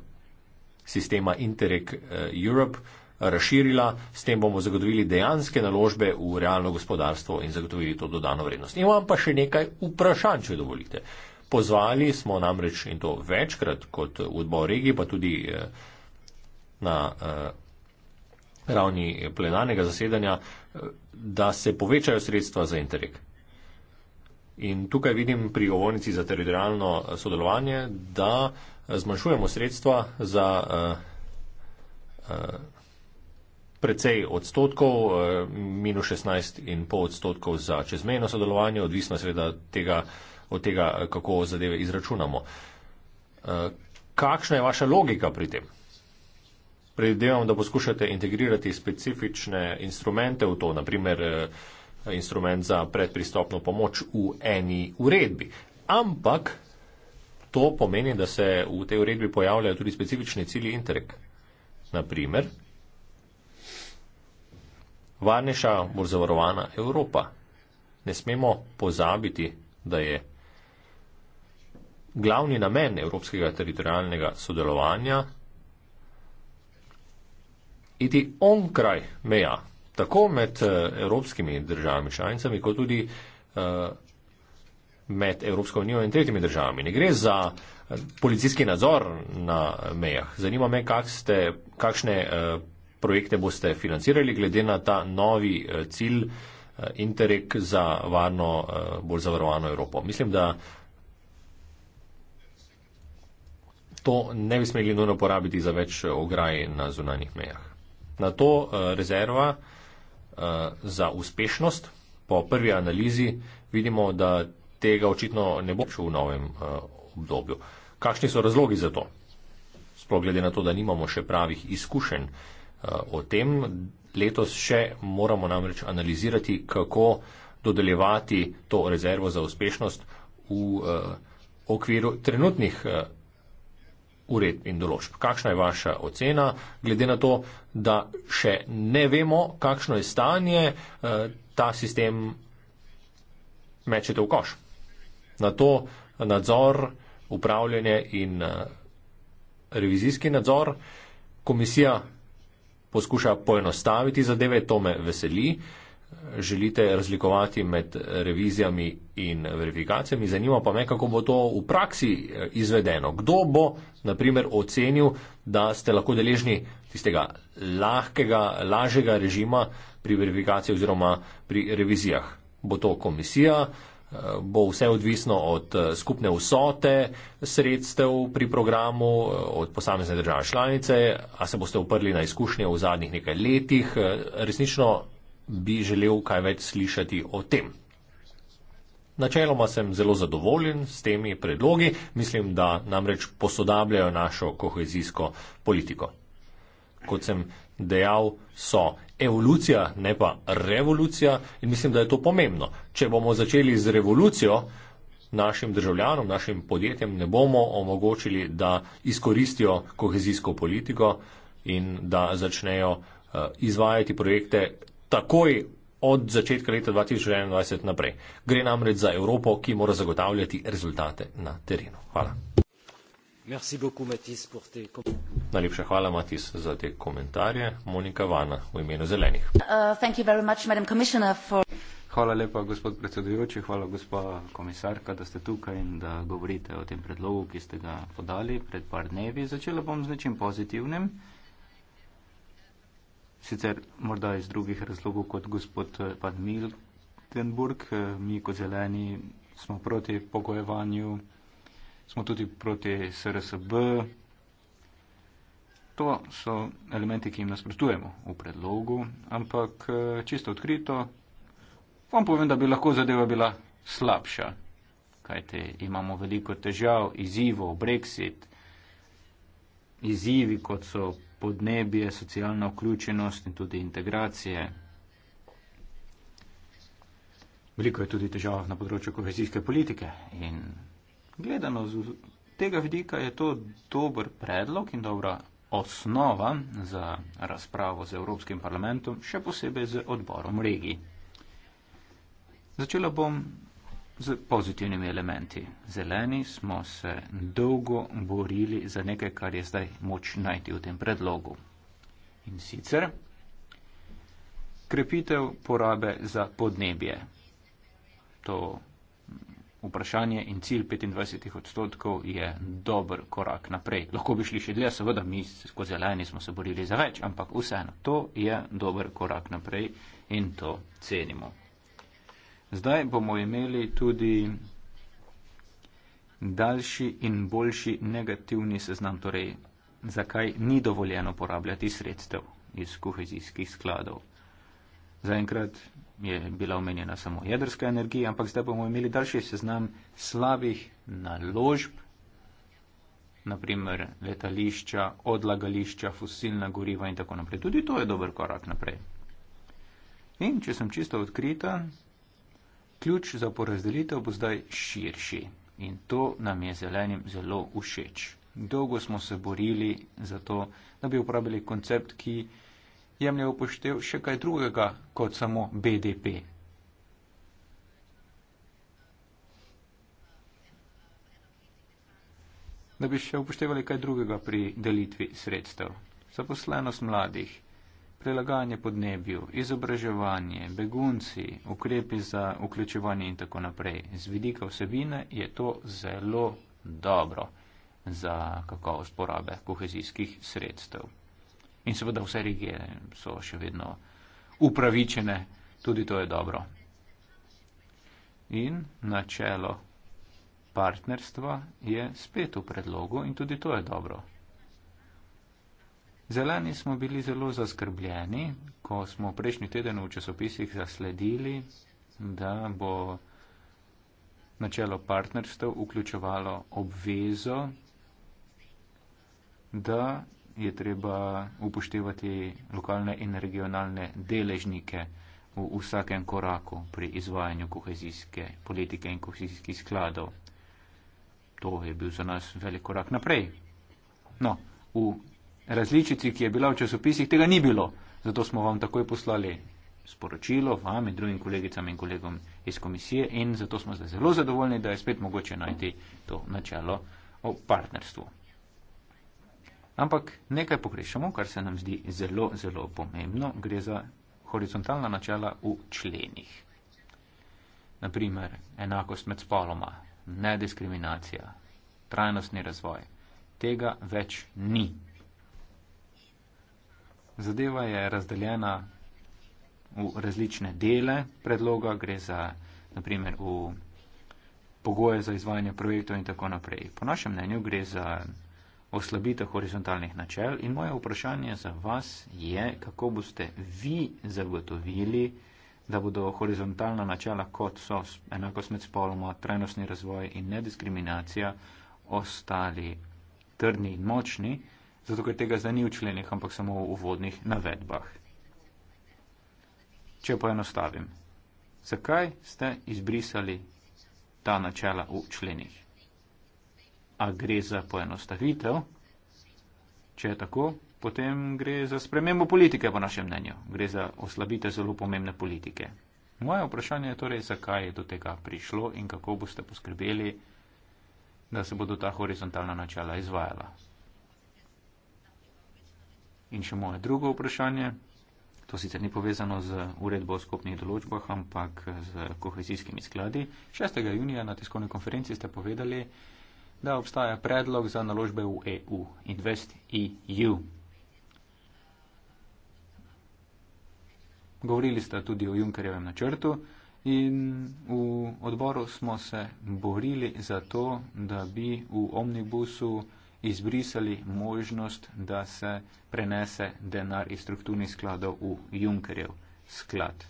sistema Interreg eh, Europe eh, razširila, s tem bomo zagotovili dejanske naložbe v realno gospodarstvo in zagotovili to dodano vrednost. Imam pa še nekaj vprašanj, če dovolite pozvali smo namreč in to večkrat kot odbor regije, pa tudi eh, na eh, ravni plenarnega zasedanja, eh, da se povečajo sredstva za interreg. In tukaj vidim pri govornici za teritorijalno sodelovanje, da zmanjšujemo sredstva za precej odstotkov, minus 16,5 odstotkov za čezmejno sodelovanje, odvisno seveda tega, od tega, eh, kako zadeve izračunamo. Eh, kakšna je vaša logika pri tem? Predvidevam, da poskušate integrirati specifične instrumente v to, naprimer eh, instrument za predpristopno pomoč v eni uredbi. Ampak to pomeni, da se v tej uredbi pojavljajo tudi specifični cilji interreg. Naprimer, varnejša, bolj zavarovana Evropa. Ne smemo pozabiti, da je glavni namen evropskega teritorijalnega sodelovanja iti onkraj meja, tako med eh, evropskimi državami članicami, kot tudi eh, med Evropsko unijo in tretjimi državami. Ne gre za eh, policijski nadzor na mejah. Zanima me, kak ste, kakšne projekte boste financirali glede na ta novi cilj Interreg za varno, bolj zavarovano Evropo. Mislim, da to ne bi smeli nujno porabiti za več eh, ograj na zunanjih mejah. Na to eh, rezerva eh, za uspešnost po prvi analizi vidimo, da tega očitno ne bo še v novem obdobju. Kakšni so razlogi za to? Sploh glede na to, da nimamo še pravih izkušenj o tem, letos še moramo namreč analizirati, kako dodeljevati to rezervo za uspešnost v okviru trenutnih ured in določb. Kakšna je vaša ocena, glede na to, da še ne vemo, kakšno je stanje, eh, ta sistem mečete v koš. Na to nadzor, upravljanje in eh, revizijski nadzor komisija poskuša poenostaviti zadeve, to me veseli želite razlikovati med revizijami in verifikacijami. Zanima pa me, kako bo to v praksi eh, izvedeno. Kdo bo, na primer, ocenil, da ste lahko deležni tistega lahkega, lažjega režima pri verifikaciji oziroma pri revizijah? Bo to komisija? Eh, bo vse odvisno od eh, skupne vsote sredstev pri programu, od posamezne države članice, a se boste uprli na izkušnje v zadnjih nekaj letih. Resnično bi želel kaj več slišati o tem. Načeloma sem zelo zadovoljen s temi predlogi, mislim, da namreč posodabljajo našo kohezijsko politiko. Kot sem dejal, so evolucija, ne pa revolucija in mislim, da je to pomembno. Če bomo začeli z revolucijo, našim državljanom, našim podjetjem ne bomo omogočili, da izkoristijo kohezijsko politiko in da začnejo eh, izvajati projekte takoj od začetka leta 2021 naprej. Gre namreč za Evropo, ki mora zagotavljati rezultate na terenu. Hvala. Beaucoup, Matis, te... Najlepša hvala, Matis, za te komentarje. Monika Vana v imenu zelenih. Uh, Hvala lepa, gospod predsedujoči, hvala gospa komisarka, da ste tukaj in da govorite o tem predlogu, ki ste ga podali pred par dnevi. Začela bom z nečim pozitivnim sicer morda iz drugih razlogov kot gospod eh, Van Miltenburg. Eh, mi kot zeleni smo proti pogojevanju, smo tudi proti SRSB. To so elementi, ki jim nasprotujemo v predlogu, ampak eh, čisto odkrito vam povem, da bi lahko zadeva bila slabša, kajte imamo veliko težav, izzivov, brexit, izzivi kot so podnebje, socialna vključenost in tudi integracije. Veliko je tudi težav na področju kohezijske politike in gledano z tega vidika je to dober predlog in dobra osnova za razpravo z Evropskim parlamentom, še posebej z odborom regij. Začela bom z pozitivnimi elementi. Zeleni smo se dolgo borili za nekaj, kar je zdaj moč najti v tem predlogu. In sicer krepitev porabe za podnebje. To vprašanje in cilj 25 odstotkov je dober korak naprej. Lahko bi šli še dlje, seveda mi skozi zeleni smo se borili za več, ampak vseeno to je dober korak naprej in to cenimo. Zdaj bomo imeli tudi daljši in boljši negativni seznam, torej zakaj ni dovoljeno uporabljati sredstev iz kohezijskih skladov. Zaenkrat je bila omenjena samo jedrska energija, ampak zdaj bomo imeli daljši seznam slabih naložb, naprimer letališča, odlagališča, fosilna goriva in tako naprej. Tudi to je dober korak naprej. In če sem čisto odkrita, Ključ za porazdelitev bo zdaj širši in to nam je zelenim zelo všeč. Dolgo smo se borili za to, da bi uporabili koncept, ki jemlje upoštev še kaj drugega kot samo BDP. Da bi še upoštevali kaj drugega pri delitvi sredstev. Zaposlenost mladih, prilagajanje podnebju, izobraževanje, begunci, ukrepi za vključevanje in tako naprej. Z vidika vsebine je to zelo dobro za kakovost porabe kohezijskih sredstev. In seveda vse regije so še vedno upravičene, tudi to je dobro. In načelo partnerstva je spet v predlogu in tudi to je dobro. Zelani smo bili zelo zaskrbljeni, ko smo prejšnji teden v časopisih zasledili, da bo načelo partnerstva vključevalo obvezo, da je treba upoštevati lokalne in regionalne deležnike v vsakem koraku pri izvajanju kohezijske politike in kohezijskih skladov. To je bil za nas velik korak naprej. No, v različici, ki je bila v časopisih, tega ni bilo. Zato smo vam takoj poslali sporočilo, vam in drugim kolegicam in kolegom iz komisije in zato smo zdaj zelo zadovoljni, da je spet mogoče najti to načelo o partnerstvu. Ampak nekaj pogrešamo, kar se nam zdi zelo, zelo pomembno, gre za horizontalna načela v členih. Naprimer, enakost med spoloma, nediskriminacija, trajnostni razvoj, tega več ni. Zadeva je razdeljena v različne dele predloga, gre za naprimer v pogoje za izvajanje projektov in tako naprej. Po našem mnenju gre za oslabitev horizontalnih načel in moje vprašanje za vas je, kako boste vi zagotovili, da bodo horizontalna načela kot so enakost med spoloma, trajnostni razvoj in nediskriminacija ostali trdni in močni zato ker tega zdaj ni v členih, ampak samo v uvodnih navedbah. Če poenostavim, zakaj ste izbrisali ta načela v členih? A gre za poenostavitev? Če je tako, potem gre za spremembo politike, po našem mnenju. Gre za oslabitev zelo pomembne politike. Moje vprašanje je torej, zakaj je do tega prišlo in kako boste poskrbeli, da se bodo ta horizontalna načela izvajala. In še moje drugo vprašanje. To sicer ni povezano z uredbo o skupnih določbah, ampak z kohezijskimi skladi. 6. junija na tiskovni konferenci ste povedali, da obstaja predlog za naložbe v EU, Invest EU. Govorili ste tudi o Junkerjevem načrtu in v odboru smo se borili za to, da bi v omnibusu izbrisali možnost, da se prenese denar iz strukturnih skladov v Junkerjev sklad.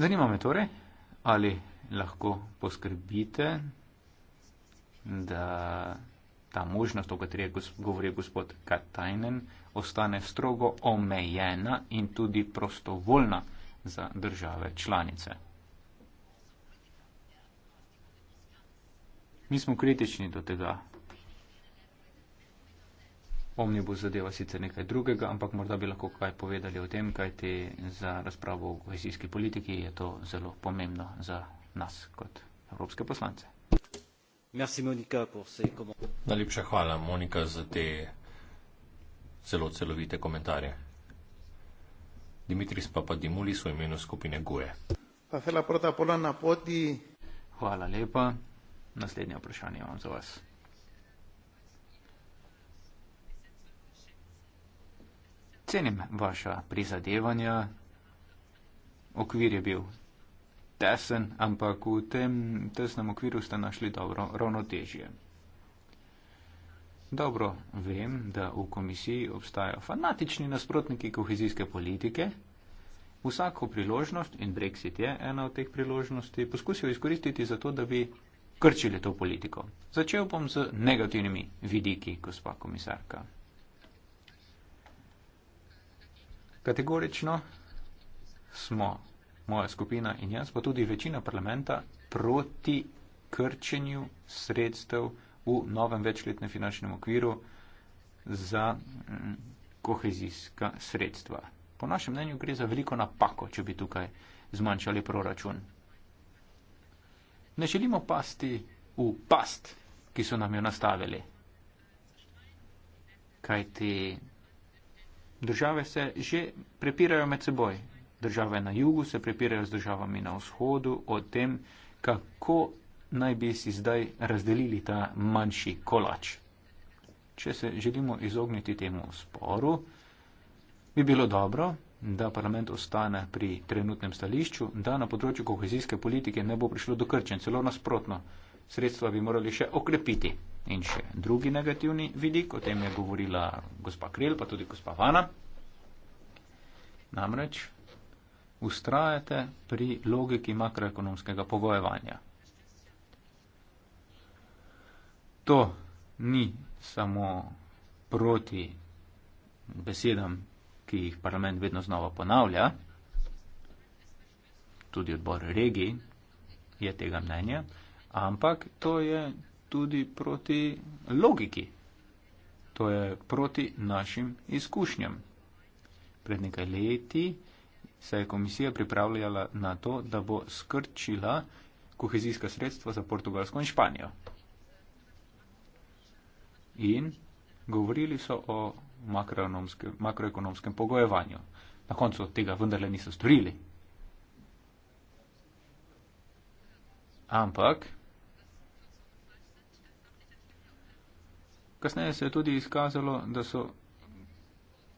Zanima me torej, ali lahko poskrbite, da ta možnost, o kateri govori gospod Katajnen, ostane strogo omejena in tudi prostovoljna za države članice. Mi smo kritični do tega. Omni bo zadeva sicer nekaj drugega, ampak morda bi lahko kaj povedali o tem, kaj ti za razpravo o kohezijski politiki je to zelo pomembno za nas kot evropske poslance. Merci, Monika, Najlepša hvala, Monika, za te zelo celovite komentarje. Dimitris pa pa Dimulis v imenu skupine Guje. Hvala lepa naslednje vprašanje imam za vas. Cenim vaša prizadevanja. Okvir je bil tesen, ampak v tem tesnem okviru ste našli dobro ravnotežje. Dobro vem, da v komisiji obstajajo fanatični nasprotniki kohezijske politike. Vsako priložnost, in Brexit je ena od teh priložnosti, poskusijo izkoristiti zato, da bi krčili to politiko. Začel bom z negativnimi vidiki, gospa komisarka. Kategorično smo, moja skupina in jaz, pa tudi večina parlamenta, proti krčenju sredstev v novem večletnem finančnem okviru za mm, kohezijska sredstva. Po našem mnenju gre za veliko napako, če bi tukaj zmanjšali proračun. Ne želimo pasti v past, ki so nam jo nastavili. Kaj ti države se že prepirajo med seboj. Države na jugu se prepirajo z državami na vzhodu o tem, kako naj bi si zdaj razdelili ta manjši kolač. Če se želimo izogniti temu sporu, bi bilo dobro, da parlament ostane pri trenutnem stališču, da na področju kohezijske politike ne bo prišlo do krčen, celo nasprotno. Sredstva bi morali še okrepiti. In še drugi negativni vidik, o tem je govorila gospa Krel, pa tudi gospa Vana. Namreč ustrajate pri logiki makroekonomskega pogojevanja. To ni samo proti besedam ki jih parlament vedno znova ponavlja, tudi odbor regij je tega mnenja, ampak to je tudi proti logiki, to je proti našim izkušnjam. Pred nekaj leti se je komisija pripravljala na to, da bo skrčila kohezijska sredstva za Portugalsko in Španijo. In govorili so o makroekonomskem pogojevanju. Na koncu tega vendarle niso storili. Ampak, kasneje se je tudi izkazalo, da so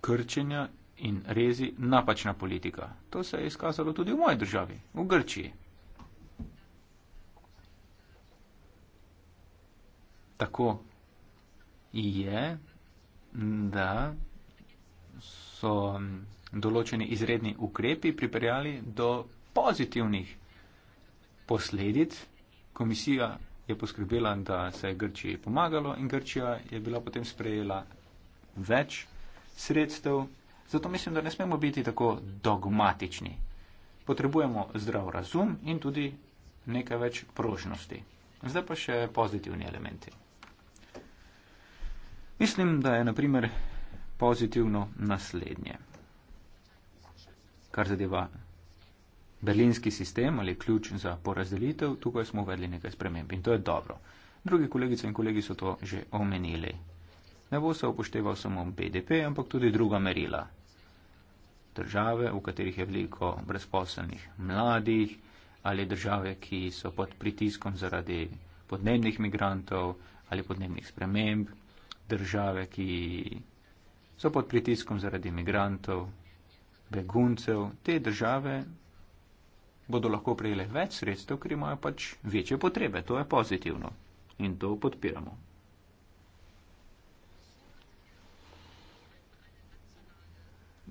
krčenja in rezi napačna politika. To se je izkazalo tudi v moji državi, v Grčiji. Tako je da so določeni izredni ukrepi pripeljali do pozitivnih posledic. Komisija je poskrbela, da se je Grčiji pomagalo in Grčija je bila potem sprejela več sredstev. Zato mislim, da ne smemo biti tako dogmatični. Potrebujemo zdrav razum in tudi nekaj več prožnosti. Zdaj pa še pozitivni elementi. Mislim, da je naprimer pozitivno naslednje. Kar zadeva berlinski sistem ali ključ za porazdelitev, tukaj smo uvedli nekaj sprememb in to je dobro. Drugi kolegice in kolegi so to že omenili. Ne bo se upošteval samo BDP, ampak tudi druga merila. Države, v katerih je veliko brezposelnih mladih ali države, ki so pod pritiskom zaradi podnebnih migrantov ali podnebnih sprememb, države, ki so pod pritiskom zaradi imigrantov, beguncev, te države bodo lahko prejele več sredstev, ker imajo pač večje potrebe. To je pozitivno in to podpiramo.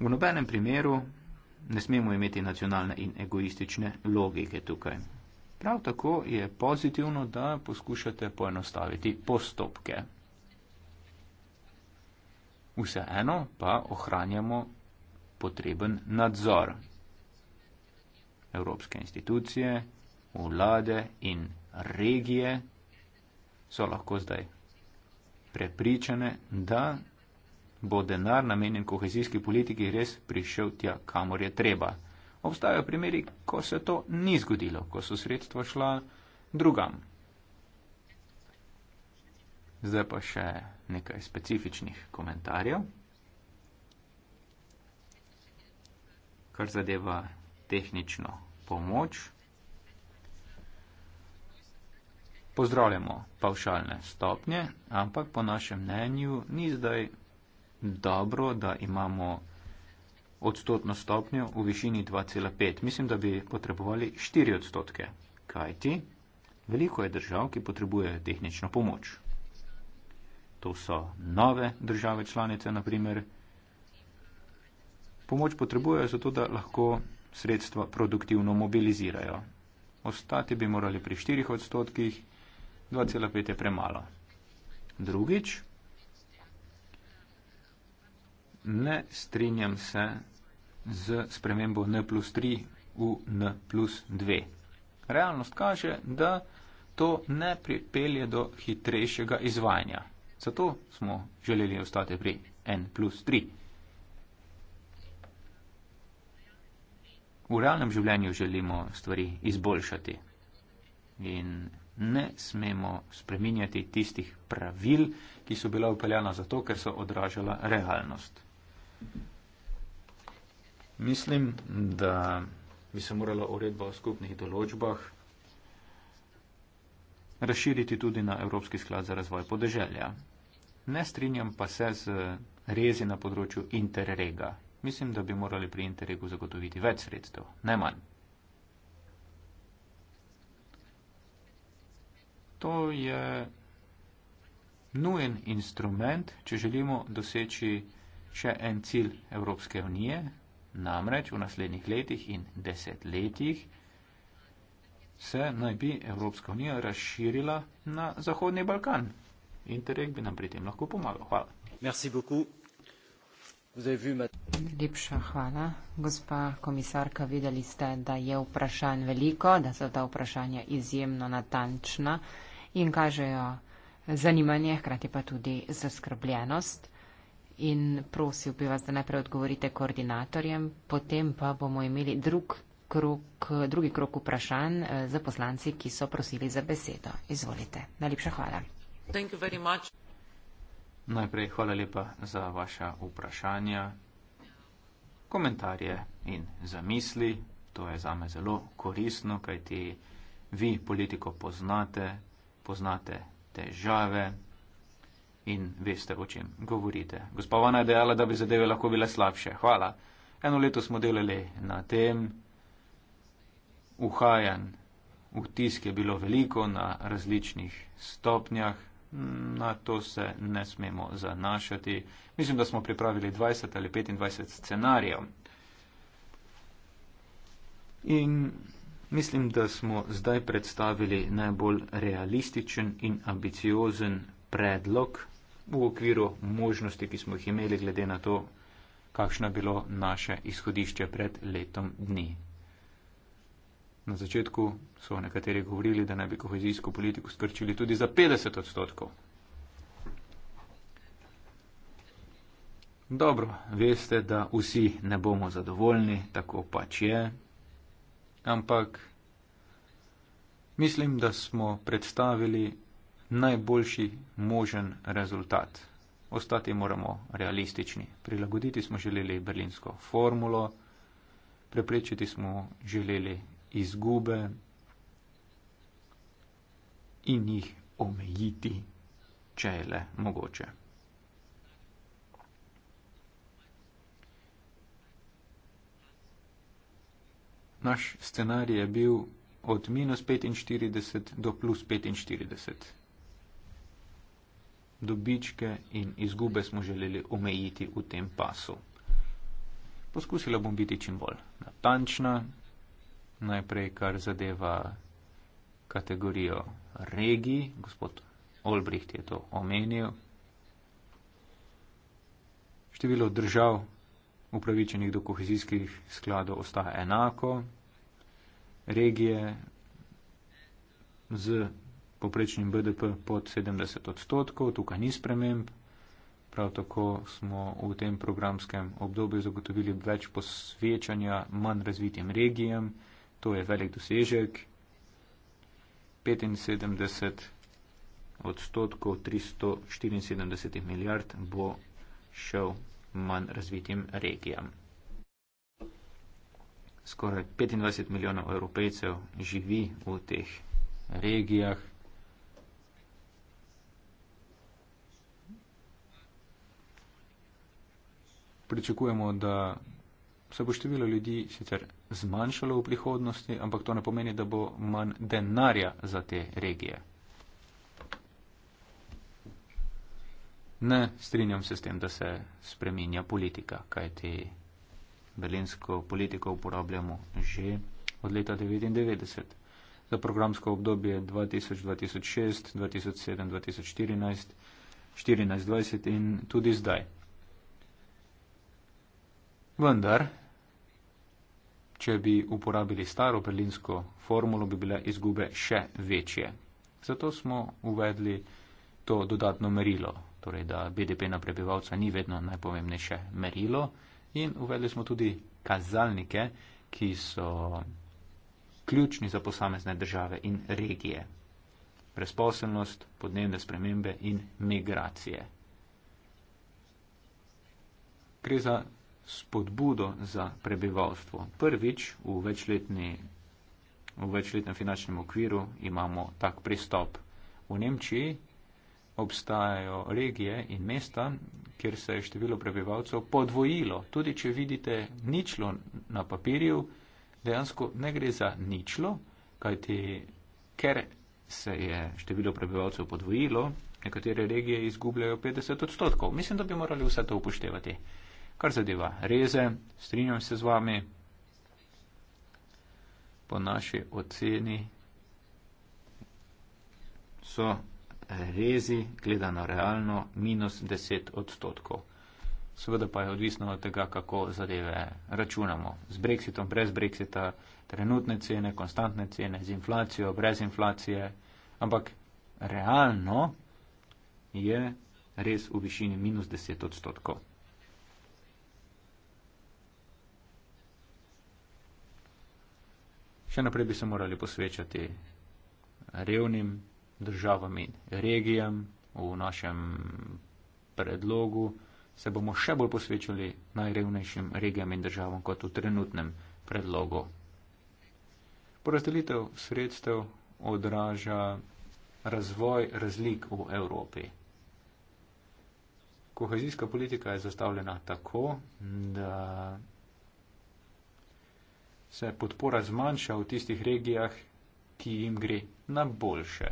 V nobenem primeru ne smemo imeti nacionalne in egoistične logike tukaj. Prav tako je pozitivno, da poskušate poenostaviti postopke vseeno pa ohranjamo potreben nadzor. Evropske institucije, vlade in regije so lahko zdaj prepričane, da bo denar namenjen kohezijski politiki res prišel tja, kamor je treba. Obstajajo primeri, ko se to ni zgodilo, ko so sredstva šla drugam. Zdaj pa še nekaj specifičnih komentarjev, kar zadeva tehnično pomoč. Pozdravljamo pavšalne stopnje, ampak po našem mnenju ni zdaj dobro, da imamo odstotno stopnjo v višini 2,5. Mislim, da bi potrebovali 4 odstotke, kajti veliko je držav, ki potrebujejo tehnično pomoč to so nove države članice, naprimer, pomoč potrebujejo zato, da lahko sredstva produktivno mobilizirajo. Ostati bi morali pri 4 odstotkih, 2,5 je premalo. Drugič, ne strinjam se z spremembo N plus 3 v N plus 2. Realnost kaže, da to ne pripelje do hitrejšega izvajanja. Zato smo želeli ostati pri n plus 3. V realnem življenju želimo stvari izboljšati in ne smemo spreminjati tistih pravil, ki so bila upeljana zato, ker so odražala realnost. Mislim, da bi se morala uredba o skupnih določbah razširiti tudi na Evropski sklad za razvoj podeželja. Ne strinjam pa se z rezi na področju interrega. Mislim, da bi morali pri interregu zagotoviti več sredstev, ne manj. To je nujen instrument, če želimo doseči še en cilj Evropske unije, namreč v naslednjih letih in desetletjih se naj bi Evropska unija razširila na Zahodni Balkan. Interreg bi nam pri tem lahko pomagal. Hvala. Lepša hvala, gospa komisarka. Videli ste, da je vprašanj veliko, da so ta vprašanja izjemno natančna in kažejo zanimanje, hkrati pa tudi zaskrbljenost. In prosil bi vas, da najprej odgovorite koordinatorjem, potem pa bomo imeli drug krok, drugi krok vprašanj eh, za poslanci, ki so prosili za besedo. Izvolite. Najlepša hvala. Najprej hvala lepa za vaša vprašanja, komentarje in zamisli. To je zame zelo korisno, kajti vi politiko poznate, poznate težave in veste, o čem govorite. Gospa Vana je dejala, da bi zadeve lahko bile slabše. Hvala. Eno leto smo delali na tem, uhajan, vtisk je bilo veliko na različnih stopnjah, Na to se ne smemo zanašati. Mislim, da smo pripravili 20 ali 25 scenarijev. In mislim, da smo zdaj predstavili najbolj realističen in ambiciozen predlog v okviru možnosti, ki smo jih imeli glede na to, kakšno je bilo naše izhodišče pred letom dni. Na začetku so nekateri govorili, da naj bi kohezijsko politiko skrčili tudi za 50 odstotkov. Dobro, veste, da vsi ne bomo zadovoljni, tako pač je, ampak mislim, da smo predstavili najboljši možen rezultat. Ostati moramo realistični. Prilagoditi smo želeli berlinsko formulo, prepričati smo želeli izgube in jih omejiti, če je le mogoče. Naš scenarij je bil od minus 45 do plus 45. Dobičke in izgube smo želeli omejiti v tem pasu. Poskusila bom biti čim bolj natančna, najprej, kar zadeva kategorijo regij, gospod Olbricht je to omenil. Število držav upravičenih do kohezijskih skladov ostaja enako, regije z poprečnim BDP pod 70 odstotkov, tukaj ni sprememb. Prav tako smo v tem programskem obdobju zagotovili več posvečanja manj razvitim regijam, To je velik dosežek. 75 odstotkov 374 milijard bo šel manj razvitim regijam. Skoraj 25 milijonov evropejcev živi v teh regijah. Pričakujemo, da se bo število ljudi sicer zmanjšalo v prihodnosti, ampak to ne pomeni, da bo manj denarja za te regije. Ne strinjam se s tem, da se spreminja politika, kaj te berlinsko politiko uporabljamo že od leta 1999. Za programsko obdobje 2000-2006, 2007-2014, 2014-2020 in tudi zdaj. Vendar Če bi uporabili staro berlinsko formulo, bi bile izgube še večje. Zato smo uvedli to dodatno merilo, torej da BDP na prebivalca ni vedno najpomembnejše merilo in uvedli smo tudi kazalnike, ki so ključni za posamezne države in regije. Presposobnost, podnebne spremembe in migracije. Gre za spodbudo za prebivalstvo. Prvič v, večletni, v večletnem finančnem okviru imamo tak pristop. V Nemčiji obstajajo regije in mesta, kjer se je število prebivalcev podvojilo. Tudi če vidite ničlo na papirju, dejansko ne gre za ničlo, kajti ker se je število prebivalcev podvojilo, nekatere regije izgubljajo 50 odstotkov. Mislim, da bi morali vse to upoštevati. Kar zadeva reze, strinjam se z vami, po naši oceni so rezi, gledano realno, minus 10 odstotkov. Seveda pa je odvisno od tega, kako zadeve računamo. Z brexitom, brez brexita, trenutne cene, konstantne cene, z inflacijo, brez inflacije, ampak realno je res v višini minus 10 odstotkov. še naprej bi se morali posvečati revnim državam in regijam. V našem predlogu se bomo še bolj posvečali najrevnejšim regijam in državam kot v trenutnem predlogu. Porazdelitev sredstev odraža razvoj razlik v Evropi. Kohezijska politika je zastavljena tako, da se podpora zmanjša v tistih regijah, ki jim gre na boljše.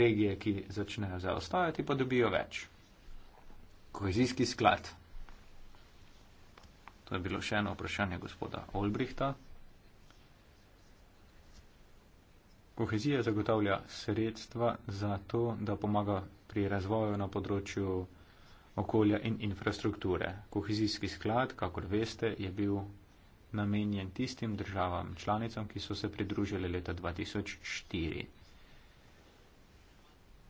Regije, ki začnejo zaostajati, pa dobijo več. Kohezijski sklad. To je bilo še eno vprašanje gospoda Olbrihta. Kohezija zagotavlja sredstva za to, da pomaga pri razvoju na področju okolja in infrastrukture. Kohezijski sklad, kakor veste, je bil namenjen tistim državam članicam, ki so se pridružile leta 2004.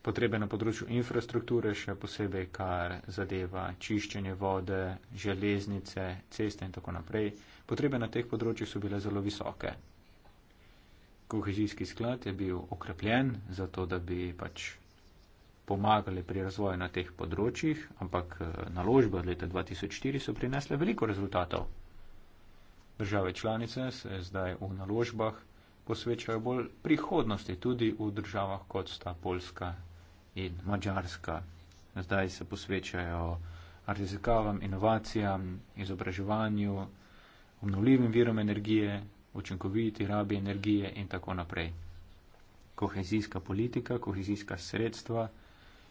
Potrebe na področju infrastrukture, še posebej kar zadeva čiščenje vode, železnice, ceste in tako naprej, potrebe na teh področjih so bile zelo visoke. Kohezijski sklad je bil okrepljen zato, da bi pač pomagali pri razvoju na teh področjih, ampak eh, naložbe od leta 2004 so prinesle veliko rezultatov. Države članice se zdaj v naložbah posvečajo bolj prihodnosti tudi v državah, kot sta Poljska in Mačarska. Zdaj se posvečajo raziskavam, inovacijam, izobraževanju, obnovljivim virom energije, učinkoviti rabi energije in tako naprej. Kohezijska politika, kohezijska sredstva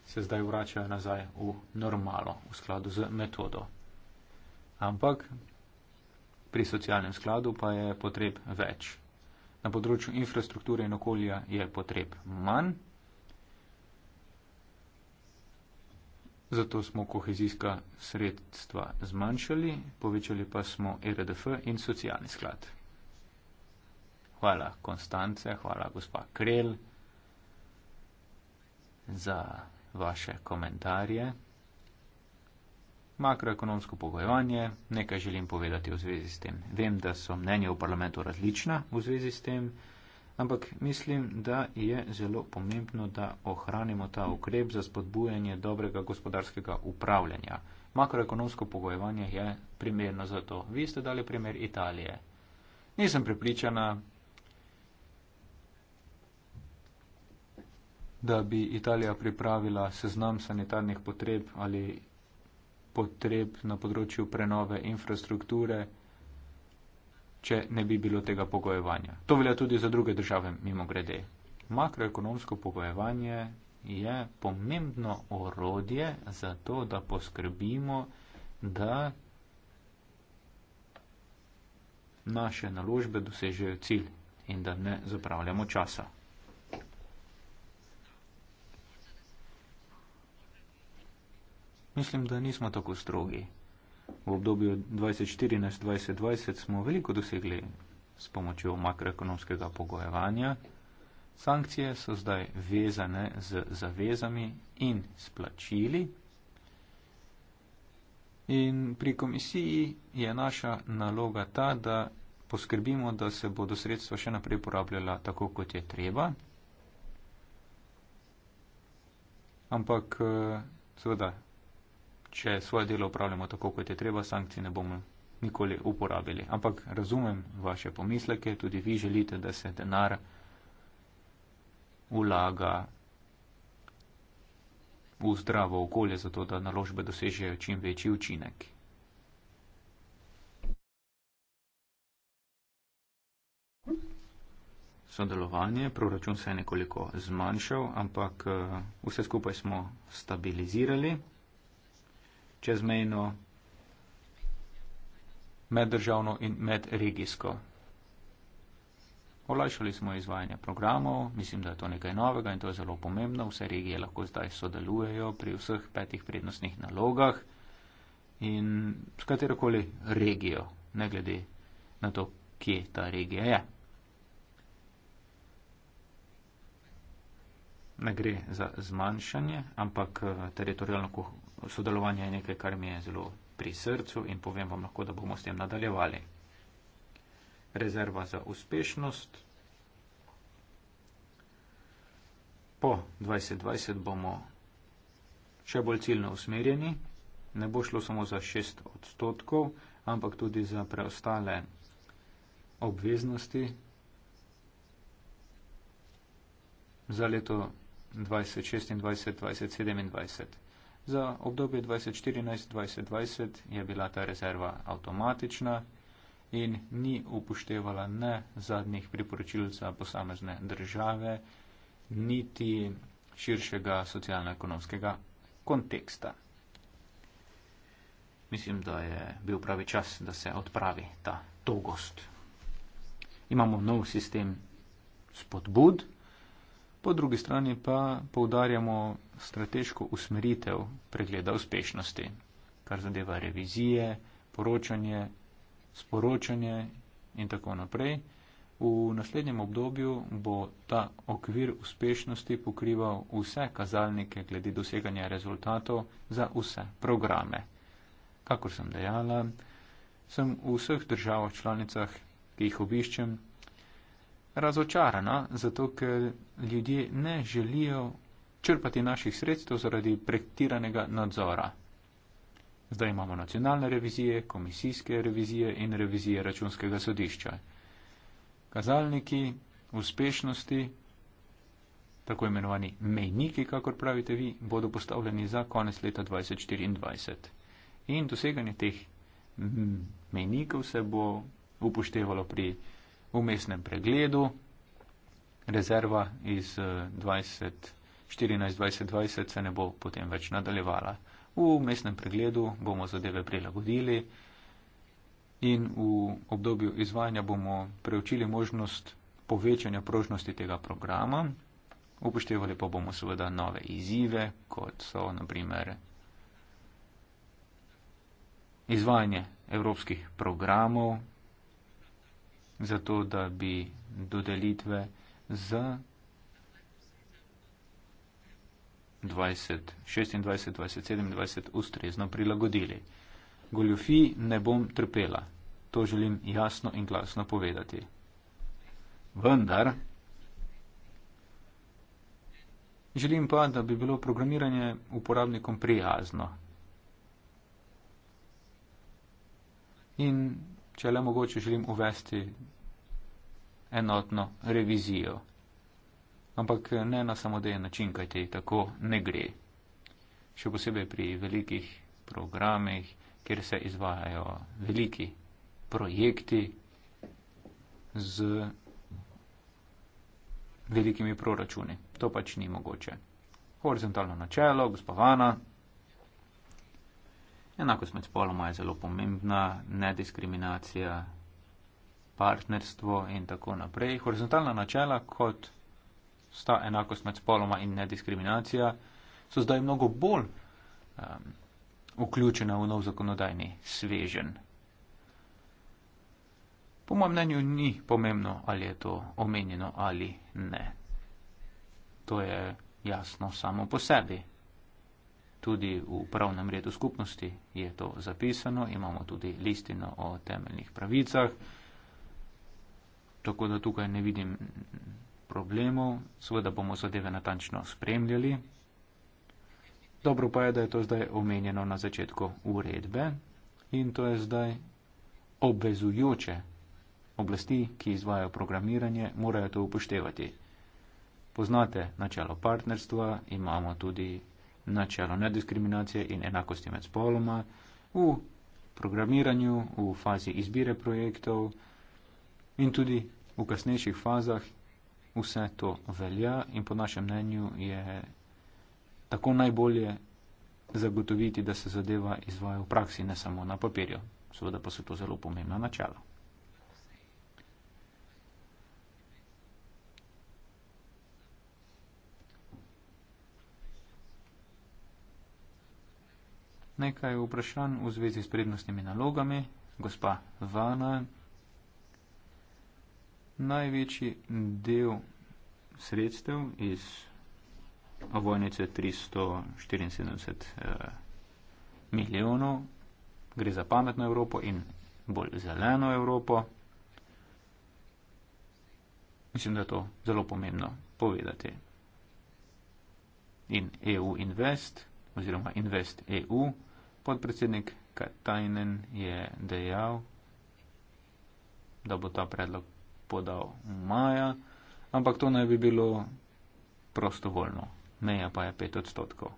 se zdaj vračajo nazaj v normalo, v skladu z metodo. Ampak pri socialnem skladu pa je potreb več. Na področju infrastrukture in okolja je potreb manj. Zato smo kohezijska sredstva zmanjšali, povečali pa smo e RDF in socialni sklad. Hvala Konstance, hvala gospa Krel za vaše komentarje makroekonomsko pogojevanje, nekaj želim povedati v zvezi s tem. Vem, da so mnenja v parlamentu različna v zvezi s tem, ampak mislim, da je zelo pomembno, da ohranimo ta ukrep za spodbujanje dobrega gospodarskega upravljanja. Makroekonomsko pogojevanje je primerno za to. Vi ste dali primer Italije. Nisem prepričana, da bi Italija pripravila seznam sanitarnih potreb ali potreb na področju prenove infrastrukture, če ne bi bilo tega pogojevanja. To velja tudi za druge države, mimo grede. Makroekonomsko pogojevanje je pomembno orodje za to, da poskrbimo, da naše naložbe dosežejo cilj in da ne zapravljamo časa. Mislim, da nismo tako strogi. V obdobju 2014-2020 smo veliko dosegli s pomočjo makroekonomskega pogojevanja. Sankcije so zdaj vezane z zavezami in splačili. In pri komisiji je naša naloga ta, da poskrbimo, da se bodo sredstva še naprej porabljala tako, kot je treba. Ampak, eh, seveda, če svoje delo upravljamo tako, kot je treba, sankcij ne bomo nikoli uporabili. Ampak razumem vaše pomisleke, tudi vi želite, da se denar vlaga v zdravo okolje, zato da naložbe dosežejo čim večji učinek. Sodelovanje, proračun se je nekoliko zmanjšal, ampak eh, vse skupaj smo stabilizirali čezmejno, meddržavno in medregijsko. Olajšali smo izvajanje programov, mislim, da je to nekaj novega in to je zelo pomembno. Vse regije lahko zdaj sodelujejo pri vseh petih prednostnih nalogah in s katerokoli regijo, ne glede na to, kje ta regija je. ne gre za zmanjšanje, ampak eh, teritorijalno sodelovanje je nekaj, kar mi je zelo pri srcu in povem vam lahko, da bomo s tem nadaljevali. Rezerva za uspešnost. Po 2020 bomo še bolj ciljno usmerjeni. Ne bo šlo samo za 6 odstotkov, ampak tudi za preostale obveznosti. Za leto 2026, 2027. Za obdobje 2014-2020 je bila ta rezerva avtomatična in ni upoštevala ne zadnjih priporočil za posamezne države, niti širšega socialno-ekonomskega konteksta. Mislim, da je bil pravi čas, da se odpravi ta togost. Imamo nov sistem spodbud po drugi strani pa poudarjamo strateško usmeritev pregleda uspešnosti, kar zadeva revizije, poročanje, sporočanje in tako naprej. V naslednjem obdobju bo ta okvir uspešnosti pokrival vse kazalnike glede doseganja rezultatov za vse programe. Kakor sem dejala, sem v vseh državah članicah, ki jih obiščem, razočarana, zato ker ljudje ne želijo črpati naših sredstev zaradi pretiranega nadzora. Zdaj imamo nacionalne revizije, komisijske revizije in revizije računskega sodišča. Kazalniki uspešnosti, tako imenovani mejniki, kakor pravite vi, bodo postavljeni za konec leta 2024. In doseganje teh mejnikov se bo upoštevalo pri vmesnem pregledu, rezerva iz 2014-2020 eh, se ne bo potem več nadaljevala. V mestnem pregledu bomo zadeve prilagodili in v obdobju izvajanja bomo preučili možnost povečanja prožnosti tega programa. Upoštevali pa bomo seveda nove izzive, kot so naprimer izvajanje evropskih programov, zato da bi dodelitve za 20, 26, 20, 27 ustrezno prilagodili. Goljofij ne bom trpela, to želim jasno in glasno povedati. Vendar želim pa, da bi bilo programiranje uporabnikom prijazno. In če le mogoče želim uvesti enotno revizijo. Ampak ne na samodejen način, kaj ti tako ne gre. Še posebej pri velikih programih, kjer se izvajajo veliki projekti z velikimi proračuni. To pač ni mogoče. Horizontalno načelo, gospa Vana, enakost med spoloma je zelo pomembna, nediskriminacija, partnerstvo in tako naprej. Horizontalna načela, kot sta enakost med spoloma in nediskriminacija, so zdaj mnogo bolj um, vključena v nov zakonodajni svežen. Po mojem mnenju ni pomembno, ali je to omenjeno ali ne. To je jasno samo po sebi tudi v pravnem redu skupnosti je to zapisano, imamo tudi listino o temeljnih pravicah, tako da tukaj ne vidim problemov, seveda bomo zadeve natančno spremljali. Dobro pa je, da je to zdaj omenjeno na začetku uredbe in to je zdaj obvezujoče. Oblasti, ki izvajo programiranje, morajo to upoštevati. Poznate načelo partnerstva, imamo tudi načelo nediskriminacije in enakosti med spoloma, v programiranju, v fazi izbire projektov in tudi v kasnejših fazah vse to velja in po našem mnenju je tako najbolje zagotoviti, da se zadeva izvaja v praksi, ne samo na papirju. Seveda pa so to zelo pomembna načela. nekaj vprašanj v zvezi s prednostnimi nalogami. Gospa Vana, največji del sredstev iz ovojnice 374 eh, milijonov gre za pametno Evropo in bolj zeleno Evropo. Mislim, da je to zelo pomembno povedati. In EU Invest oziroma Invest EU Podpredsednik Katajnen je dejal, da bo ta predlog podal v maja, ampak to naj bi bilo prostovoljno. Meja pa je 5 odstotkov.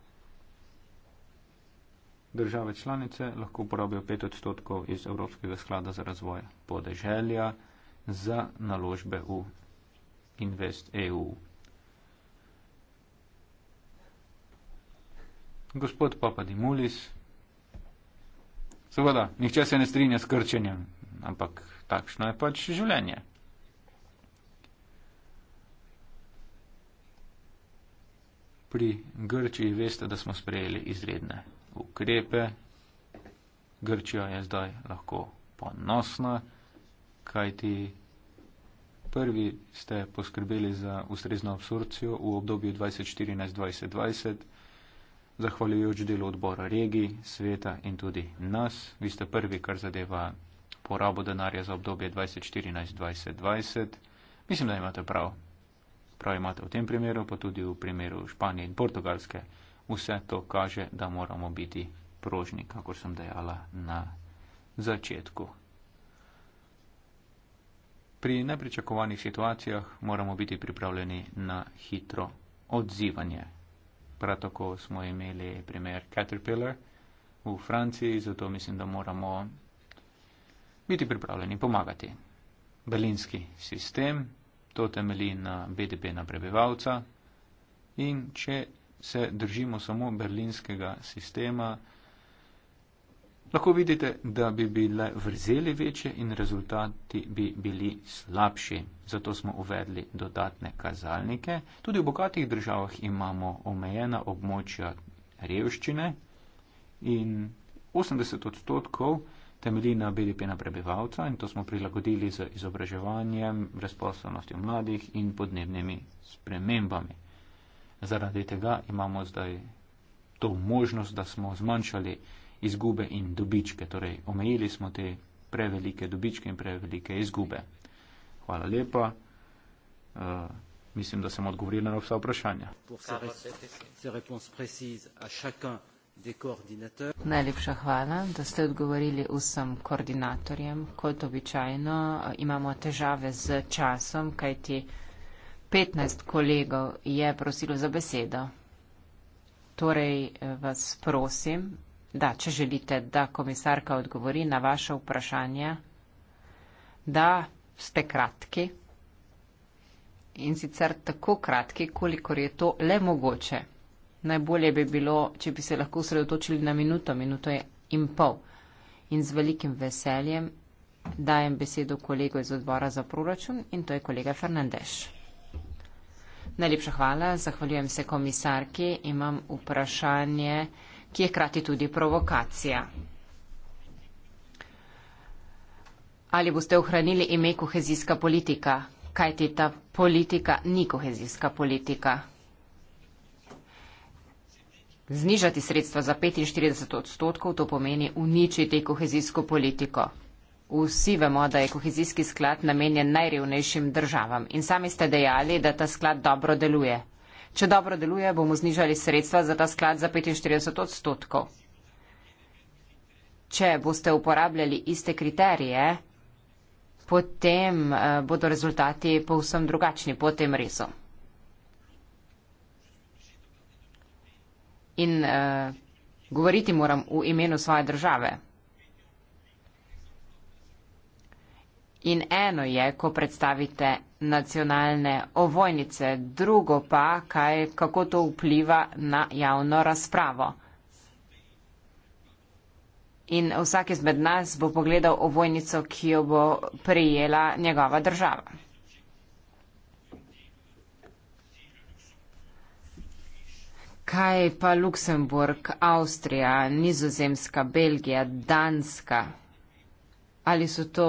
Države članice lahko uporabijo 5 odstotkov iz Evropskega sklada za razvoj podeželja za naložbe v Invest EU. Gospod Papa Dimulis. Seveda, nihče se ne strinja s krčenjem, ampak takšno je pač življenje. Pri Grčiji veste, da smo sprejeli izredne ukrepe. Grčija je zdaj lahko ponosna, kajti prvi ste poskrbeli za ustrezno absorpcijo v obdobju 2014-2020 zahvaljujoč delu odbora regij, sveta in tudi nas. Vi ste prvi, kar zadeva porabo denarja za obdobje 2014-2020. Mislim, da imate prav. Prav imate v tem primeru, pa tudi v primeru Španije in Portugalske. Vse to kaže, da moramo biti prožni, kakor sem dejala na začetku. Pri nepričakovanih situacijah moramo biti pripravljeni na hitro odzivanje prav tako smo imeli primer Caterpillar v Franciji, zato mislim, da moramo biti pripravljeni pomagati. Berlinski sistem, to temelji na BDP na prebivalca in če se držimo samo berlinskega sistema, Lahko vidite, da bi bile vrzeli večje in rezultati bi bili slabši. Zato smo uvedli dodatne kazalnike. Tudi v bogatih državah imamo omejena območja revščine in 80 odstotkov temelji na BDP na prebivalca in to smo prilagodili z izobraževanjem, razposlenostjo mladih in podnebnimi spremembami. Zaradi tega imamo zdaj to možnost, da smo zmanjšali izgube in dobičke. Torej, omejili smo te prevelike dobičke in prevelike izgube. Hvala lepa. Uh, mislim, da sem odgovorila na vsa vprašanja. Najlepša hvala, da ste odgovorili vsem koordinatorjem. Kot običajno eh, imamo težave z časom, kajti 15 kolegov je prosilo za besedo. Torej eh, vas prosim, Da, če želite, da komisarka odgovori na vaše vprašanje, da ste kratki in sicer tako kratki, kolikor je to le mogoče. Najbolje bi bilo, če bi se lahko sredotočili na minuto, minuto in pol. In z velikim veseljem dajem besedo kolego iz odbora za proračun in to je kolega Fernandeš. Najlepša hvala, zahvaljujem se komisarki, imam vprašanje ki je krati tudi provokacija. Ali boste ohranili ime kohezijska politika? Kaj ti ta politika ni kohezijska politika? Znižati sredstva za 45 odstotkov to pomeni uničiti kohezijsko politiko. Vsi vemo, da je kohezijski sklad namenjen najrevnejšim državam in sami ste dejali, da ta sklad dobro deluje. Če dobro deluje, bomo znižali sredstva za ta sklad za 45 odstotkov. Če boste uporabljali iste kriterije, potem eh, bodo rezultati povsem drugačni po tem resu. In uh, govoriti moram v imenu svoje države. In eno je, ko predstavite nacionalne ovojnice, drugo pa, kaj, kako to vpliva na javno razpravo. In vsak izmed nas bo pogledal ovojnico, ki jo bo prijela njegova država. Kaj pa Luksemburg, Avstrija, Nizozemska, Belgija, Danska? Ali so to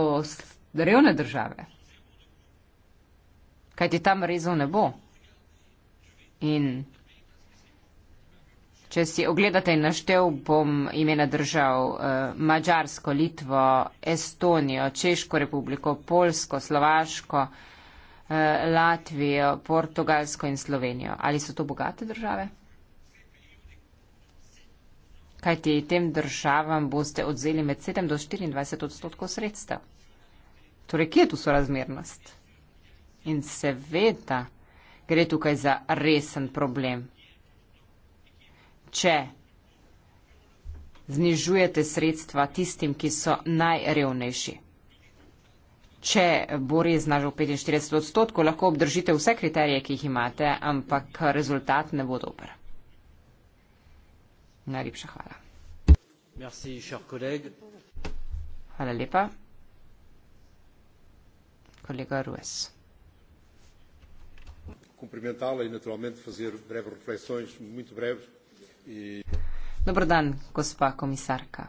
revne države. Kaj ti tam rezov ne bo? In če si ogledate in naštev bom imena držav eh, Mačarsko, Litvo, Estonijo, Češko republiko, Polsko, Slovaško, eh, Latvijo, Portugalsko in Slovenijo. Ali so to bogate države? Kaj ti tem državam boste odzeli med 7 do 24 odstotkov sredstev? Torej, kje je tu sorazmernost? In seveda gre tukaj za resen problem. Če znižujete sredstva tistim, ki so najrevnejši, če bo res znažal 45 odstotkov, lahko obdržite vse kriterije, ki jih imate, ampak rezultat ne bo dober. Najlepša hvala. Merci, hvala lepa. Colega Ruiz. Cumprimentá-la e, naturalmente, fazer breves reflexões, muito breves. E... Dobro dan, gospa komisarka.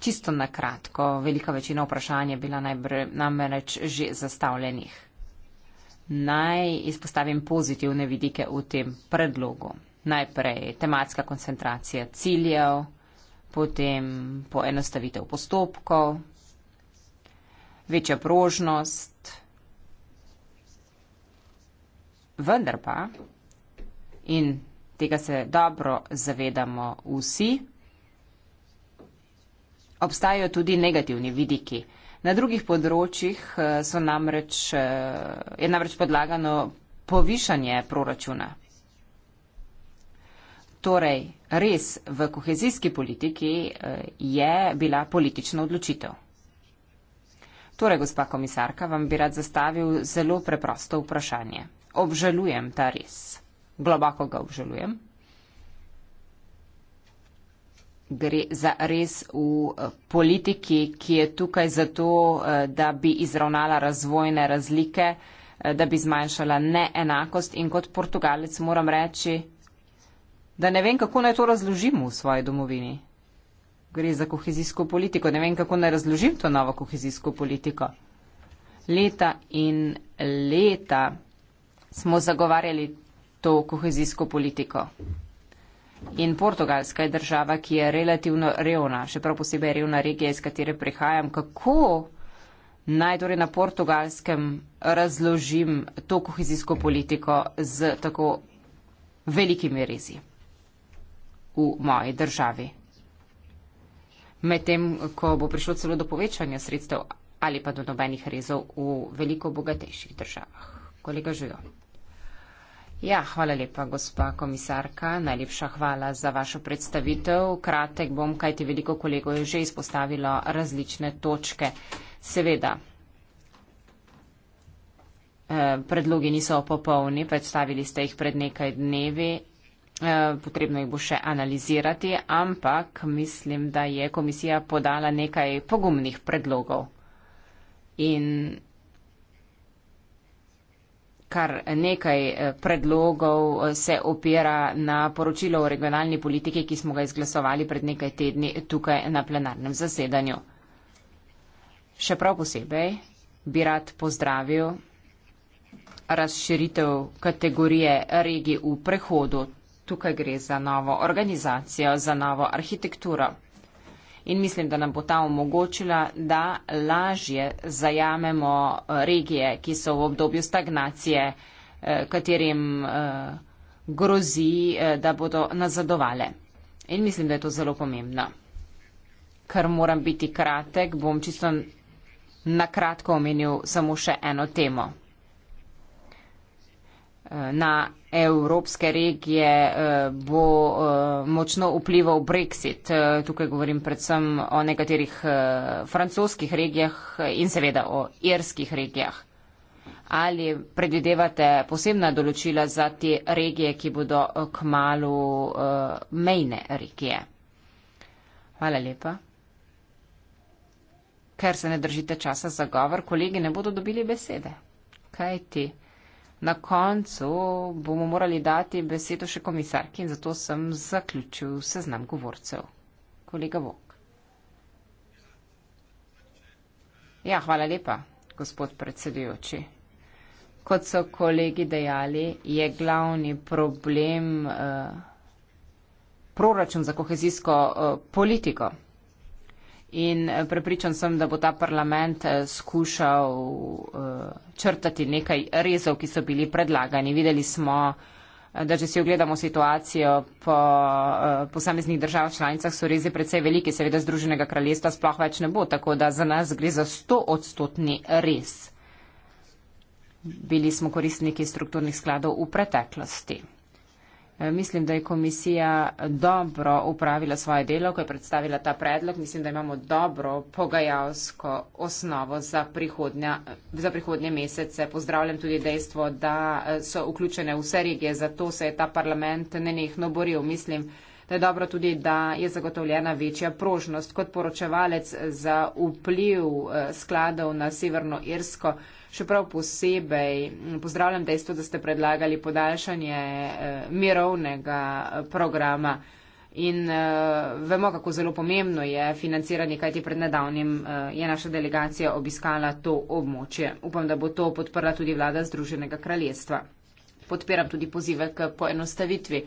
Čisto na kratko, velika večina vprašanj je bila namreč že zastavljenih. Naj izpostavim pozitivne vidike v tem predlogu. Najprej tematska koncentracija ciljev, potem poenostavitev postopkov, večja prožnost. Vendar pa, in tega se dobro zavedamo vsi, obstajajo tudi negativni vidiki. Na drugih področjih eh, namreč, eh, je namreč podlagano povišanje proračuna. Torej, res v kohezijski politiki eh, je bila politična odločitev. Torej, gospa komisarka, vam bi rad zastavil zelo preprosto vprašanje. Obžalujem ta res. Globoko ga obžalujem. Gre za res v eh, politiki, ki je tukaj zato, eh, da bi izravnala razvojne razlike, eh, da bi zmanjšala neenakost in kot portugalec moram reči, da ne vem, kako naj to razložimo v svoji domovini gre za kohezijsko politiko. Ne vem, kako naj razložim to novo kohezijsko politiko. Leta in leta smo zagovarjali to kohezijsko politiko. In Portugalska je država, ki je relativno revna, še prav posebej revna regija, iz katere prihajam. Kako naj torej na portugalskem razložim to kohezijsko politiko z tako velikimi rezi v moji državi? medtem ko bo prišlo celo do povečanja sredstev ali pa do nobenih rezov v veliko bogatejših državah. Kolega Žujo. Ja, hvala lepa, gospa komisarka. Najlepša hvala za vašo predstavitev. Kratek bom, kajti veliko kolegov je že izpostavilo različne točke. Seveda, eh, predlogi niso popolni, predstavili ste jih pred nekaj dnevi Eh, potrebno jih bo še analizirati, ampak mislim, da je komisija podala nekaj pogumnih predlogov. In kar nekaj eh, predlogov eh, se opira na poročilo o regionalni politiki, ki smo ga izglasovali pred nekaj tedni tukaj na plenarnem zasedanju. Še prav posebej bi rad pozdravil razširitev kategorije regij v prehodu tukaj gre za novo organizacijo, za novo arhitekturo. In mislim, da nam bo ta omogočila, da lažje zajamemo eh, regije, ki so v obdobju stagnacije, eh, katerim eh, grozi, da bodo nazadovale. In mislim, da je to zelo pomembno. Ker moram biti kratek, bom čisto na kratko omenil samo še eno temo na evropske regije eh, bo eh, močno vplival Brexit. Eh, tukaj govorim predvsem o nekaterih francoskih regijah in seveda o irskih regijah. Ali predvidevate posebna določila za te regije, ki bodo k malu mejne regije? Hvala lepa. Ker se ne držite časa za govor, kolegi ne bodo dobili besede. Kaj ti? Na koncu bomo morali dati besedo še komisarki in zato sem zaključil seznam govorcev. Kolega Vok. Ja, hvala lepa, gospod predsedujoči. Kot so kolegi dejali, je glavni problem eh, proračun za kohezijsko eh, politiko in eh, prepričan sem, da bo ta parlament eh, skušal eh, črtati nekaj rezov, ki so bili predlagani. Videli smo, da če si ogledamo situacijo po posameznih držav članicah, so rezi predvsej veliki, seveda Združenega kraljestva sploh več ne bo, tako da za nas gre za 100 odstotni rez. Bili smo koristniki strukturnih skladov v preteklosti. Eh, mislim, da je komisija dobro upravila svoje delo, ko je predstavila ta predlog. Mislim, da imamo dobro pogajalsko osnovo za, prihodnja, za prihodnje mesece. Pozdravljam tudi dejstvo, da eh, so vključene vse regije, zato se je ta parlament nenehno boril. Mislim, Da je dobro tudi, da je zagotovljena večja prožnost. Kot poročevalec za vpliv eh, skladov na Severno Irsko, še prav posebej mm, pozdravljam dejstvo, da ste predlagali podaljšanje eh, mirovnega eh, programa. In uh, vemo, kako zelo pomembno je financiranje, kajti pred nedavnim uh, je naša delegacija obiskala to območje. Upam, da bo to podprla tudi vlada Združenega kraljestva. Podpiram tudi pozive k poenostavitvi.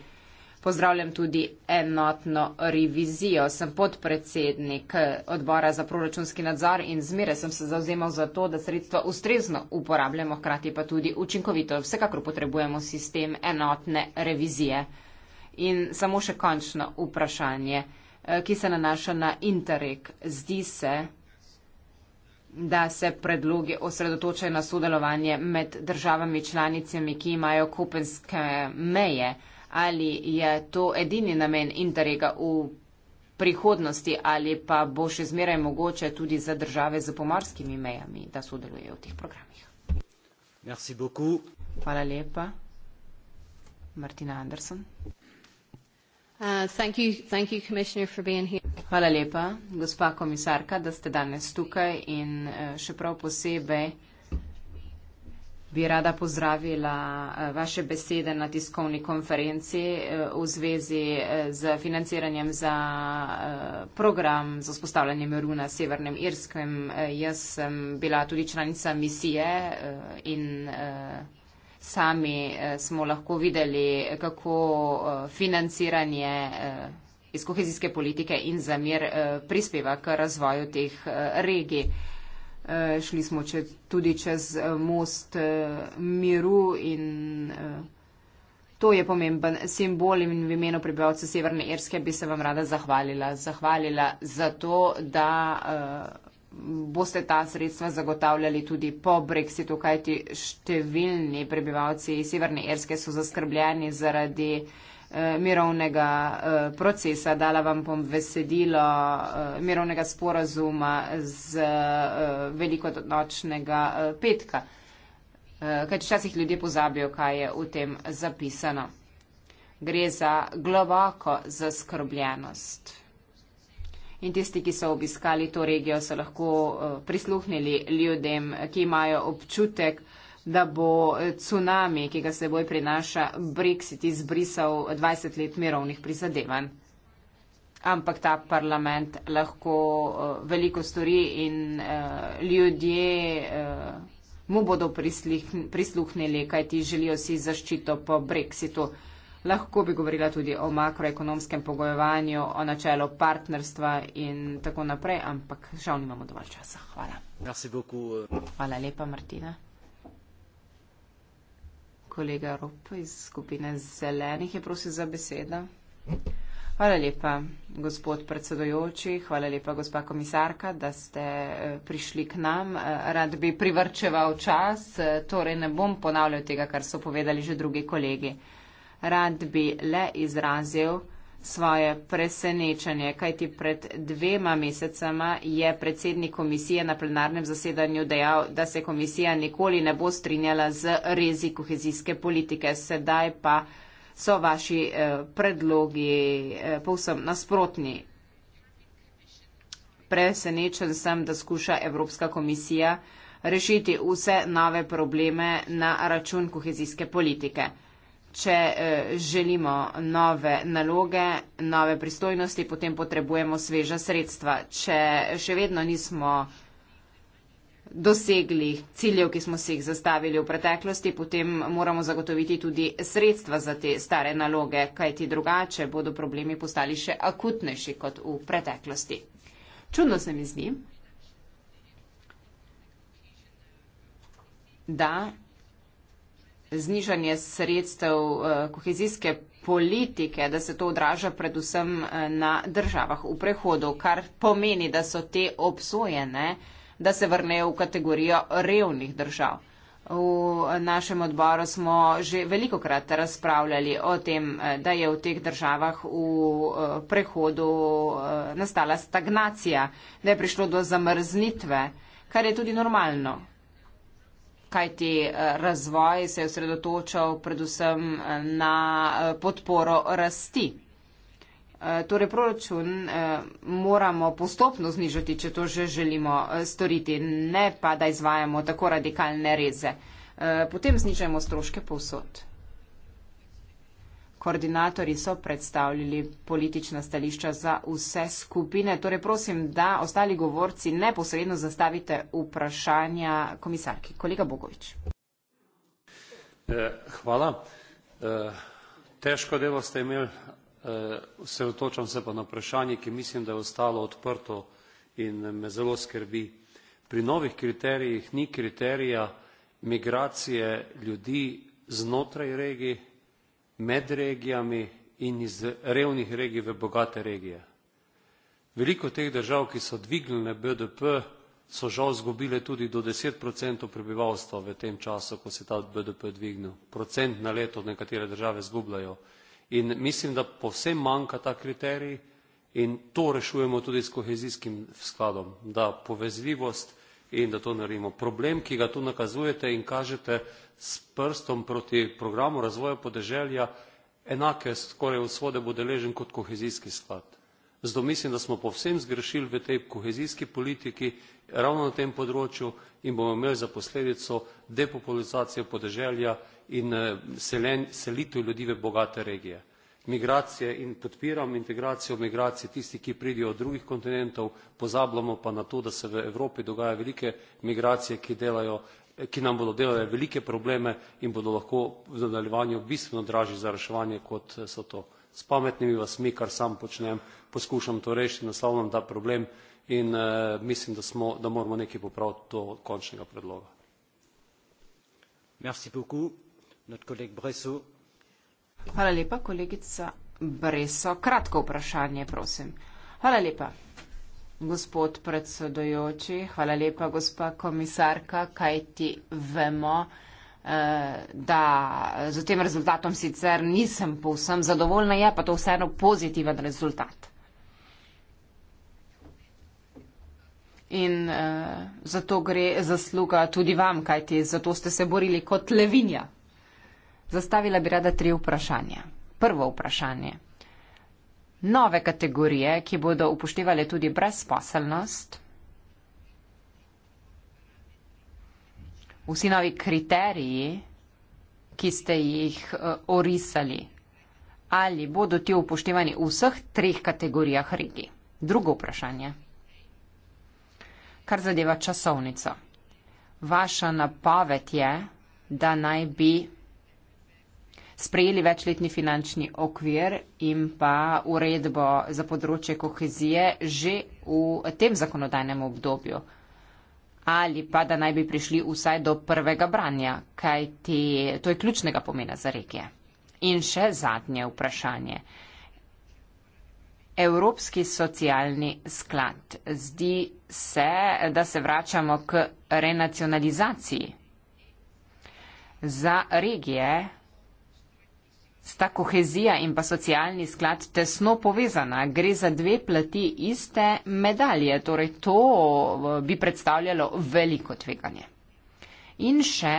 Pozdravljam tudi enotno revizijo. Sem podpredsednik eh, odbora za proračunski nadzor in zmere sem se zauzemal za to, da sredstva ustrezno uporabljamo, hkrati pa tudi učinkovito. Vsekakor potrebujemo sistem enotne revizije. In samo še končno vprašanje, eh, ki se nanaša na Interreg. Zdi se, da se predlogi osredotočajo na sodelovanje med državami članicami, ki imajo kopenske meje ali je to edini namen interega v prihodnosti ali pa bo še zmeraj mogoče tudi za države z pomorskimi mejami, da sodelujejo v teh programih. Merci beaucoup. Hvala lepa. Martina Anderson. Uh, thank you, thank you, commissioner, for being here. Hvala lepa, gospa komisarka, da ste danes tukaj in eh, še prav posebej bi rada pozdravila eh, vaše besede na tiskovni konferenci eh, v zvezi eh, z financiranjem za program za vzpostavljanje miru na Severnem Irskem. Jaz sem bila tudi članica misije in sami smo lahko videli, kako financiranje iz kohezijske politike in za mir prispeva k razvoju teh regij. Eh, šli smo če, tudi čez eh, most eh, miru in to je pomemben simbol in v imenu prebivalce Severne Irske bi se vam rada zahvalila. Zahvalila za to, da boste ta sredstva zagotavljali tudi po brexitu, kajti številni prebivalci Severne Irske so zaskrbljeni zaradi. Eh, mirovnega eh, procesa, dala vam bom besedilo eh, mirovnega sporazuma z velikodnočnega petka. Kaj včasih ljudje pozabijo, kaj je v tem zapisano. Gre za globoko zaskrbljenost. In tisti, ki so obiskali to regijo, so lahko prisluhnili ljudem, ki imajo občutek, da bo cunami, ki ga seboj prinaša Brexit, izbrisal 20 let mirovnih prizadevanj. Ampak ta parlament lahko eh, veliko stori in eh, ljudje eh, mu bodo prisluhnili, kaj ti želijo si zaščito po Brexitu. Lahko bi govorila tudi o makroekonomskem pogojevanju, o načelu partnerstva in tako naprej, ampak žal nimamo dovolj časa. Hvala. Euh. Hvala lepa, Martina kolega Rop iz skupine Zelenih je prosil za besedo. Hvala lepa, gospod predsedojoči, hvala lepa, gospa komisarka, da ste eh, prišli k nam. Eh, rad bi privrčeval čas, eh, torej ne bom ponavljal tega, kar so povedali že drugi kolegi. Rad bi le izrazil, svoje presenečenje, kajti pred dvema mesecema je predsednik komisije na plenarnem zasedanju dejal, da se komisija nikoli ne bo strinjala z rezi kohezijske politike. Sedaj pa so vaši eh, predlogi eh, povsem nasprotni. Presenečen sem, da skuša Evropska komisija rešiti vse nove probleme na račun kohezijske politike. Če eh, želimo nove naloge, nove pristojnosti, potem potrebujemo sveža sredstva. Če še vedno nismo dosegli ciljev, ki smo si jih zastavili v preteklosti, potem moramo zagotoviti tudi sredstva za te stare naloge, kajti drugače bodo problemi postali še akutnejši kot v preteklosti. Čudno se mi zdi, da znižanje sredstev eh, kohezijske politike, da se to odraža predvsem eh, na državah v prehodu, kar pomeni, da so te obsojene, da se vrnejo v kategorijo revnih držav. V eh, našem odboru smo že velikokrat razpravljali o tem, da je v teh državah v prehodu nastala stagnacija, da je prišlo do zamrznitve, kar je tudi normalno kajti eh, razvoj se je osredotočal predvsem eh, na eh, podporo rasti. Torej, proračun moramo postopno znižati, če to že želimo storiti, ne pa da izvajamo tako radikalne reze. Potem znižajmo stroške povsod koordinatorji so predstavljali politična stališča za vse skupine. Torej prosim, da ostali govorci neposredno zastavite vprašanja komisarki. Kolega Bogovič. Eh, hvala. Eh, težko delo ste imeli, osredotočam eh, se pa na vprašanje, ki mislim, da je ostalo odprto in me zelo skrbi. Pri novih kriterijih ni kriterija migracije ljudi znotraj regije, med regijami in iz revnih regij v bogate regije. Veliko teh držav, ki so dvignile BDP, so žal zgubile tudi do 10% prebivalstva v tem času, ko se je ta BDP dvignil. Procent na leto nekatere države zgubljajo. In mislim, da povsem manjka ta kriterij in to rešujemo tudi s kohezijskim skladom, da povezljivost in da to naredimo. Problem, ki ga tu nakazujete in kažete s prstom proti programu razvoja podeželja, enake skoraj vzhode bo deležen kot kohezijski sklad. Zato mislim, da smo povsem zgrešili v tej kohezijski politiki, ravno na tem področju in bomo imeli za posledico depopulizacijo podeželja in eh, selitev ljudi v bogate regije migracije in podpiram integracijo migracij tistih ki pridejo z drugih kontinentov pozabljamo pa na to da se v evropi dogajajo velike migracije ki nam bodo delale velike probleme in bodo lahko v nadaljevanju bistveno dražje za reševanje kot so to s pametnimi vasmi kar sam počnem poskušam to rešiti naslavljam ta problem in eh, mislim da smo da moramo nekaj popraviti do končnega predloga. Hvala lepa, kolegica Breso. Kratko vprašanje, prosim. Hvala lepa, gospod predsedojoči, hvala lepa, gospa komisarka, kaj ti vemo, eh, da z tem rezultatom sicer nisem povsem zadovoljna, je pa to vseeno pozitiven rezultat. In uh, zato gre zasluga tudi vam, kajti zato ste se borili kot levinja zastavila bi rada tri vprašanja. Prvo vprašanje. Nove kategorije, ki bodo upoštevali tudi brezposelnost, vsi novi kriteriji, ki ste jih eh, orisali, ali bodo ti upoštevani v vseh treh kategorijah regij? Drugo vprašanje. Kar zadeva časovnico. Vaša napoved je, da naj bi sprejeli večletni finančni okvir in pa uredbo za področje kohezije že v tem zakonodajnem obdobju. Ali pa da naj bi prišli vsaj do prvega branja, kaj ti to je ključnega pomena za regije. In še zadnje vprašanje. Evropski socialni sklad. Zdi se, da se vračamo k renacionalizaciji. Za regije Sta kohezija in pa socialni sklad tesno povezana, gre za dve plati iste medalje, torej to bi predstavljalo veliko tveganje. In še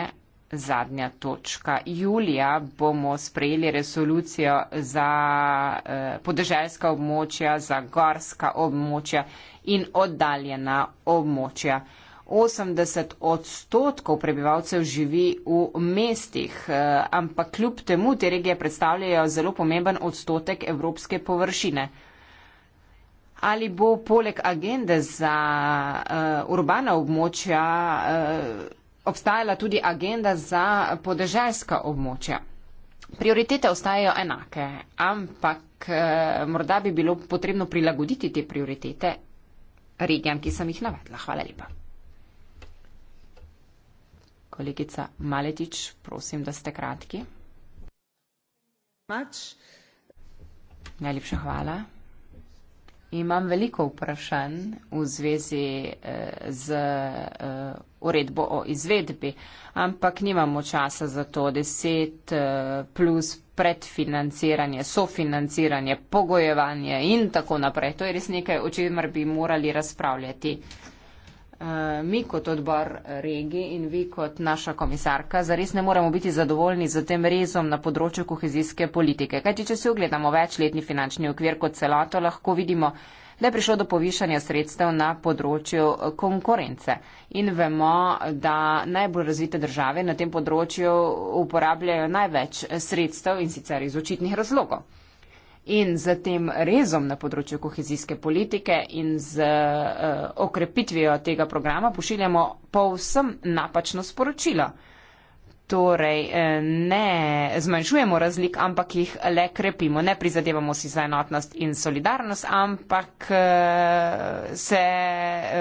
zadnja točka. Julija bomo sprejeli resolucijo za eh, podeželjska območja, za gorska območja in oddaljena območja. 80 odstotkov prebivalcev živi v mestih, eh, ampak kljub temu te regije predstavljajo zelo pomemben odstotek evropske površine. Ali bo poleg agende za uh, urbana območja uh, obstajala tudi agenda za podeželska območja? Prioritete ostajajo enake, ampak uh, morda bi bilo potrebno prilagoditi te prioritete regijam, ki sem jih navedla. Hvala lepa. Kolegica Maletič, prosim, da ste kratki. Mač. Najlepša hvala. Imam veliko vprašanj v zvezi eh, z eh, uredbo o izvedbi, ampak nimamo časa za to. 10 eh, plus predfinanciranje, sofinanciranje, pogojevanje in tako naprej. To je res nekaj, o čemer bi morali razpravljati. Eh, mi kot odbor regi in vi kot naša komisarka zares ne moremo biti zadovoljni z tem rezom na področju kohezijske politike. Kajti, če se ogledamo večletni finančni okvir kot celoto, lahko vidimo, da je prišlo do povišanja sredstev na področju konkurence. In vemo, da najbolj razvite države na tem področju uporabljajo največ sredstev in sicer iz očitnih razlogov in z tem rezom na področju kohezijske politike in z uh, okrepitvijo tega programa pošiljamo povsem napačno sporočilo. Torej, eh, ne zmanjšujemo razlik, ampak jih le krepimo. Ne prizadevamo si za enotnost in solidarnost, ampak eh, se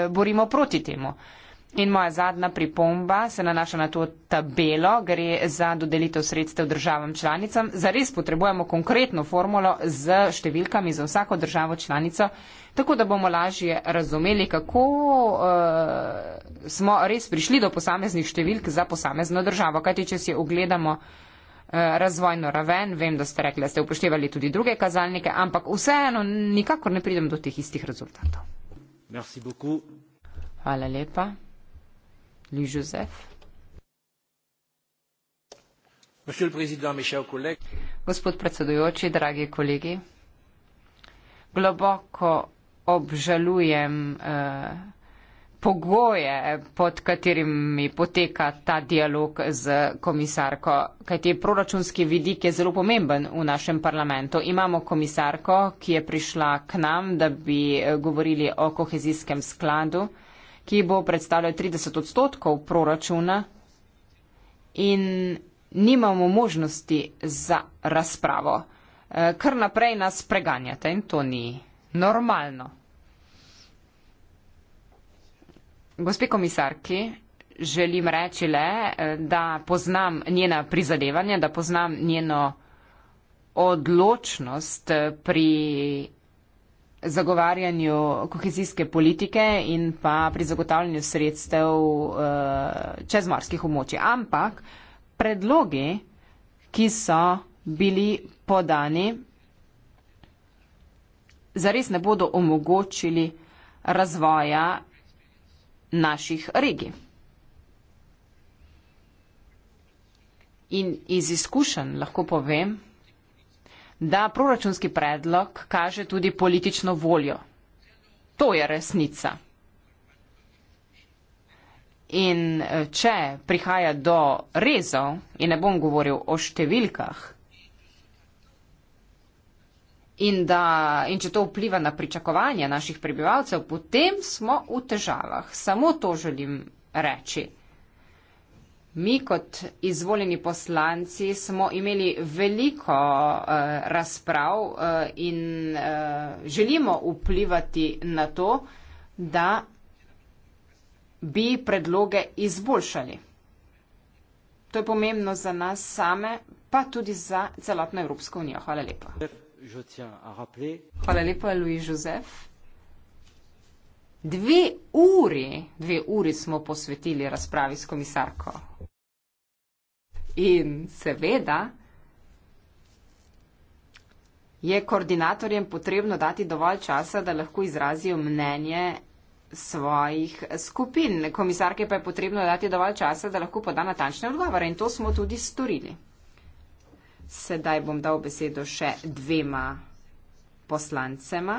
borimo proti temu. Uh, In moja zadnja pripomba se nanaša na to tabelo, gre za dodelitev sredstev državam članicam. Zares potrebujemo konkretno formulo z številkami za vsako državo članico, tako da bomo lažje razumeli, kako uh, smo res prišli do posameznih številk za posamezno državo. Kajti, če si ogledamo eh, razvojno raven, vem, da ste rekli, da ste upoštevali tudi druge kazalnike, ampak vseeno nikakor ne pridem do teh istih rezultatov. Hvala lepa. Gospod predsedujoči, dragi kolegi, globoko obžalujem eh, pogoje, pod katerimi poteka ta dialog z komisarko, kajti proračunski vidik je zelo pomemben v našem parlamentu. Imamo komisarko, ki je prišla k nam, da bi eh, govorili o kohezijskem skladu ki bo predstavljal 30 odstotkov proračuna in nimamo možnosti za razpravo. E, kar naprej nas preganjate in to ni normalno. Gospe komisarki, želim reči le, e, da poznam njena prizadevanja, da poznam njeno odločnost e, pri zagovarjanju kohezijske politike in pa pri zagotavljanju sredstev eh, čezmorskih območij. Ampak predlogi, ki so bili podani, zares ne bodo omogočili razvoja naših regij. In iz izkušenj lahko povem, da proračunski predlog kaže tudi politično voljo. To je resnica. In eh, če prihaja do rezov, in ne bom govoril o številkah, in, da, in če to vpliva na pričakovanja naših prebivalcev, potem smo v težavah. Samo to želim reči. Mi kot izvoljeni poslanci smo imeli veliko uh, razprav uh, in uh, želimo vplivati na to, da bi predloge izboljšali. To je pomembno za nas same, pa tudi za celotno Evropsko unijo. Hvala lepa. Hvala lepa, Louis Jozef. Dve uri, dve uri smo posvetili razpravi s komisarko. In seveda je koordinatorjem potrebno dati dovolj časa, da lahko izrazijo mnenje svojih skupin. Komisarke pa je potrebno dati dovolj časa, da lahko poda natančne odgovore in to smo tudi storili. Sedaj bom dal besedo še dvema poslancema.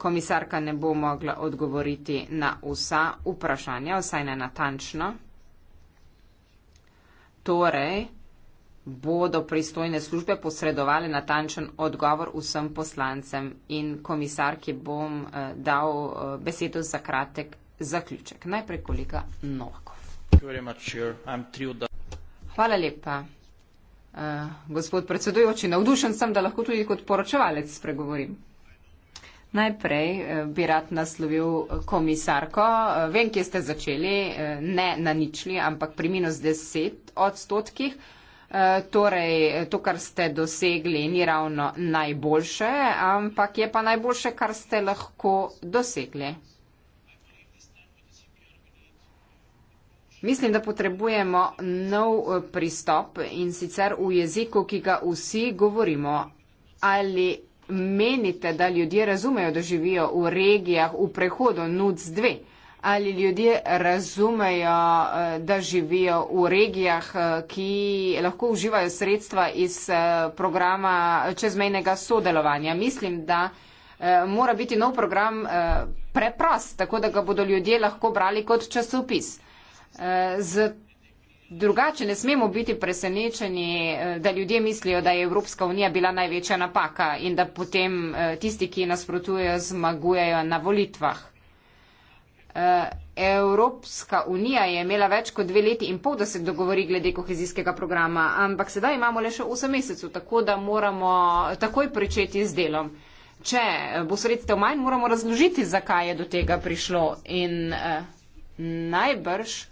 Komisarka ne bo mogla odgovoriti na vsa vprašanja, vsaj ne natančno. Torej bodo pristojne službe posredovali natančen odgovor vsem poslancem in komisarki bom eh, dal eh, besedo za kratek zaključek. Najprej kolega Novakov. Hvala lepa. Eh, gospod predsedujoči, navdušen sem, da lahko tudi kot poročevalec spregovorim. Najprej eh, bi rad naslovil komisarko. Eh, vem, kje ste začeli, eh, ne na ničli, ampak pri minus 10 odstotkih. Torej, to, kar ste dosegli, ni ravno najboljše, ampak je pa najboljše, kar ste lahko dosegli. Mislim, da potrebujemo nov pristop in sicer v jeziku, ki ga vsi govorimo ali menite, da ljudje razumejo, da živijo v regijah v prehodu NUC2? Ali ljudje razumejo, eh, da živijo v regijah, eh, ki lahko uživajo sredstva iz eh, programa čezmejnega sodelovanja? Mislim, da mora biti nov program preprost, tako da ga bodo ljudje lahko brali kot časopis. Zato drugače ne smemo biti presenečeni, eh, da ljudje mislijo, da je Evropska unija bila največja napaka in da potem eh, tisti, ki nasprotujejo, zmagujejo na volitvah. Eh, Evropska unija je imela več kot dve leti in pol, da se dogovori glede kohezijskega programa, ampak sedaj imamo le še 8 mesecev, tako da moramo takoj pričeti z delom. Če bo sredstev manj, moramo razložiti, zakaj je do tega prišlo in eh, najbrž eh,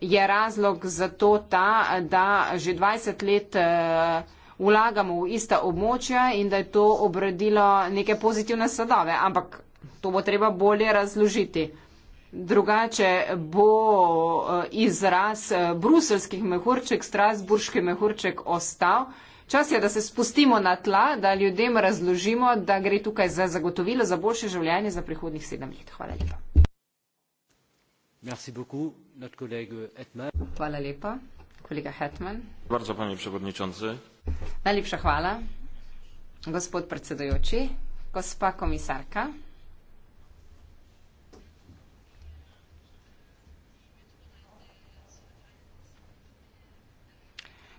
je razlog za to ta, da že 20 let eh, vlagamo v ista območja in da je to obredilo neke pozitivne sadove. Ampak to bo treba bolje razložiti. Drugače bo eh, izraz eh, bruselskih mehurček, strasburški mehurček ostal. Čas je, da se spustimo na tla, da ljudem razložimo, da gre tukaj za zagotovilo za boljše življenje za prihodnih sedem let. Hvala lepa. Merci beaucoup. Hvala lepa. Kolega Hetman. Bardzo, panie przewodniczący. Najlepša hvala, gospod predsedujoči, gospa komisarka.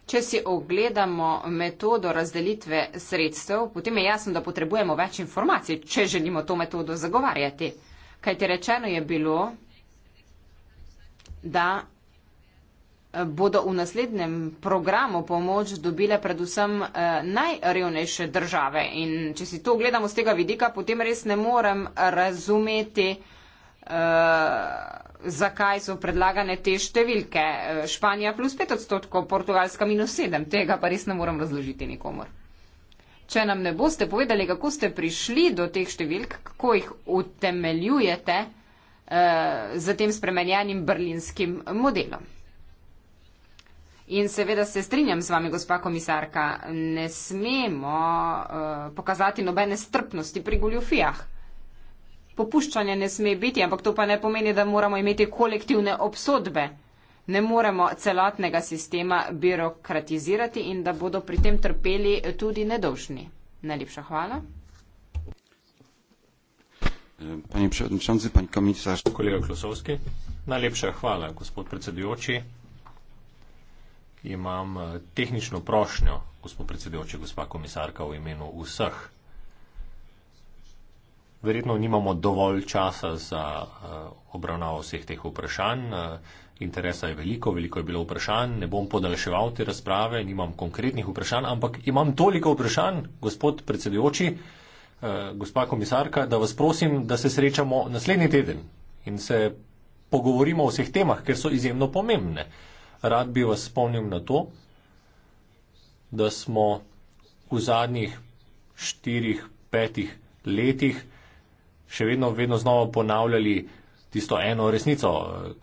Če si ogledamo metodo razdelitve sredstev, potem je jasno, da potrebujemo več informacij, če želimo to metodo zagovarjati. Kaj ti rečeno je bilo, da eh, bodo v naslednjem programu pomoč dobile predvsem eh, najrevnejše države. In če si to gledamo z tega vidika, potem res ne morem razumeti, eh, zakaj so predlagane te številke. Španija plus 5 odstotkov, Portugalska minus 7, tega pa res ne morem razložiti nikomor. Če nam ne boste povedali, kako ste prišli do teh številk, kako jih utemeljujete, Eh, z tem spremenjenim berlinskim modelom. In seveda se strinjam z vami, gospa komisarka, ne smemo uh, pokazati nobene strpnosti pri goljofijah. Popuščanje ne sme biti, ampak to pa ne pomeni, da moramo imeti kolektivne obsodbe. Ne moremo celotnega sistema birokratizirati in da bodo pri tem trpeli tudi nedolžni. Najlepša hvala. Pani predsednica, pani komisar. Kolega Klosovski, najlepša hvala, gospod predsedujoči. Imam e, tehnično prošnjo, gospod predsedujoči, gospa komisarka, v imenu vseh. Verjetno nimamo dovolj časa za e, obravnavo vseh teh vprašanj. E, interesa je veliko, veliko je bilo vprašanj. Ne bom podaljševal te razprave, nimam konkretnih vprašanj, ampak imam toliko vprašanj, gospod predsedujoči, Eh, gospa komisarka, da vas prosim, da se srečamo naslednji teden in se pogovorimo o vseh temah, ker so izjemno pomembne. Rad bi vas spomnil na to, da smo v zadnjih štirih, petih letih še vedno, vedno znova ponavljali tisto eno resnico,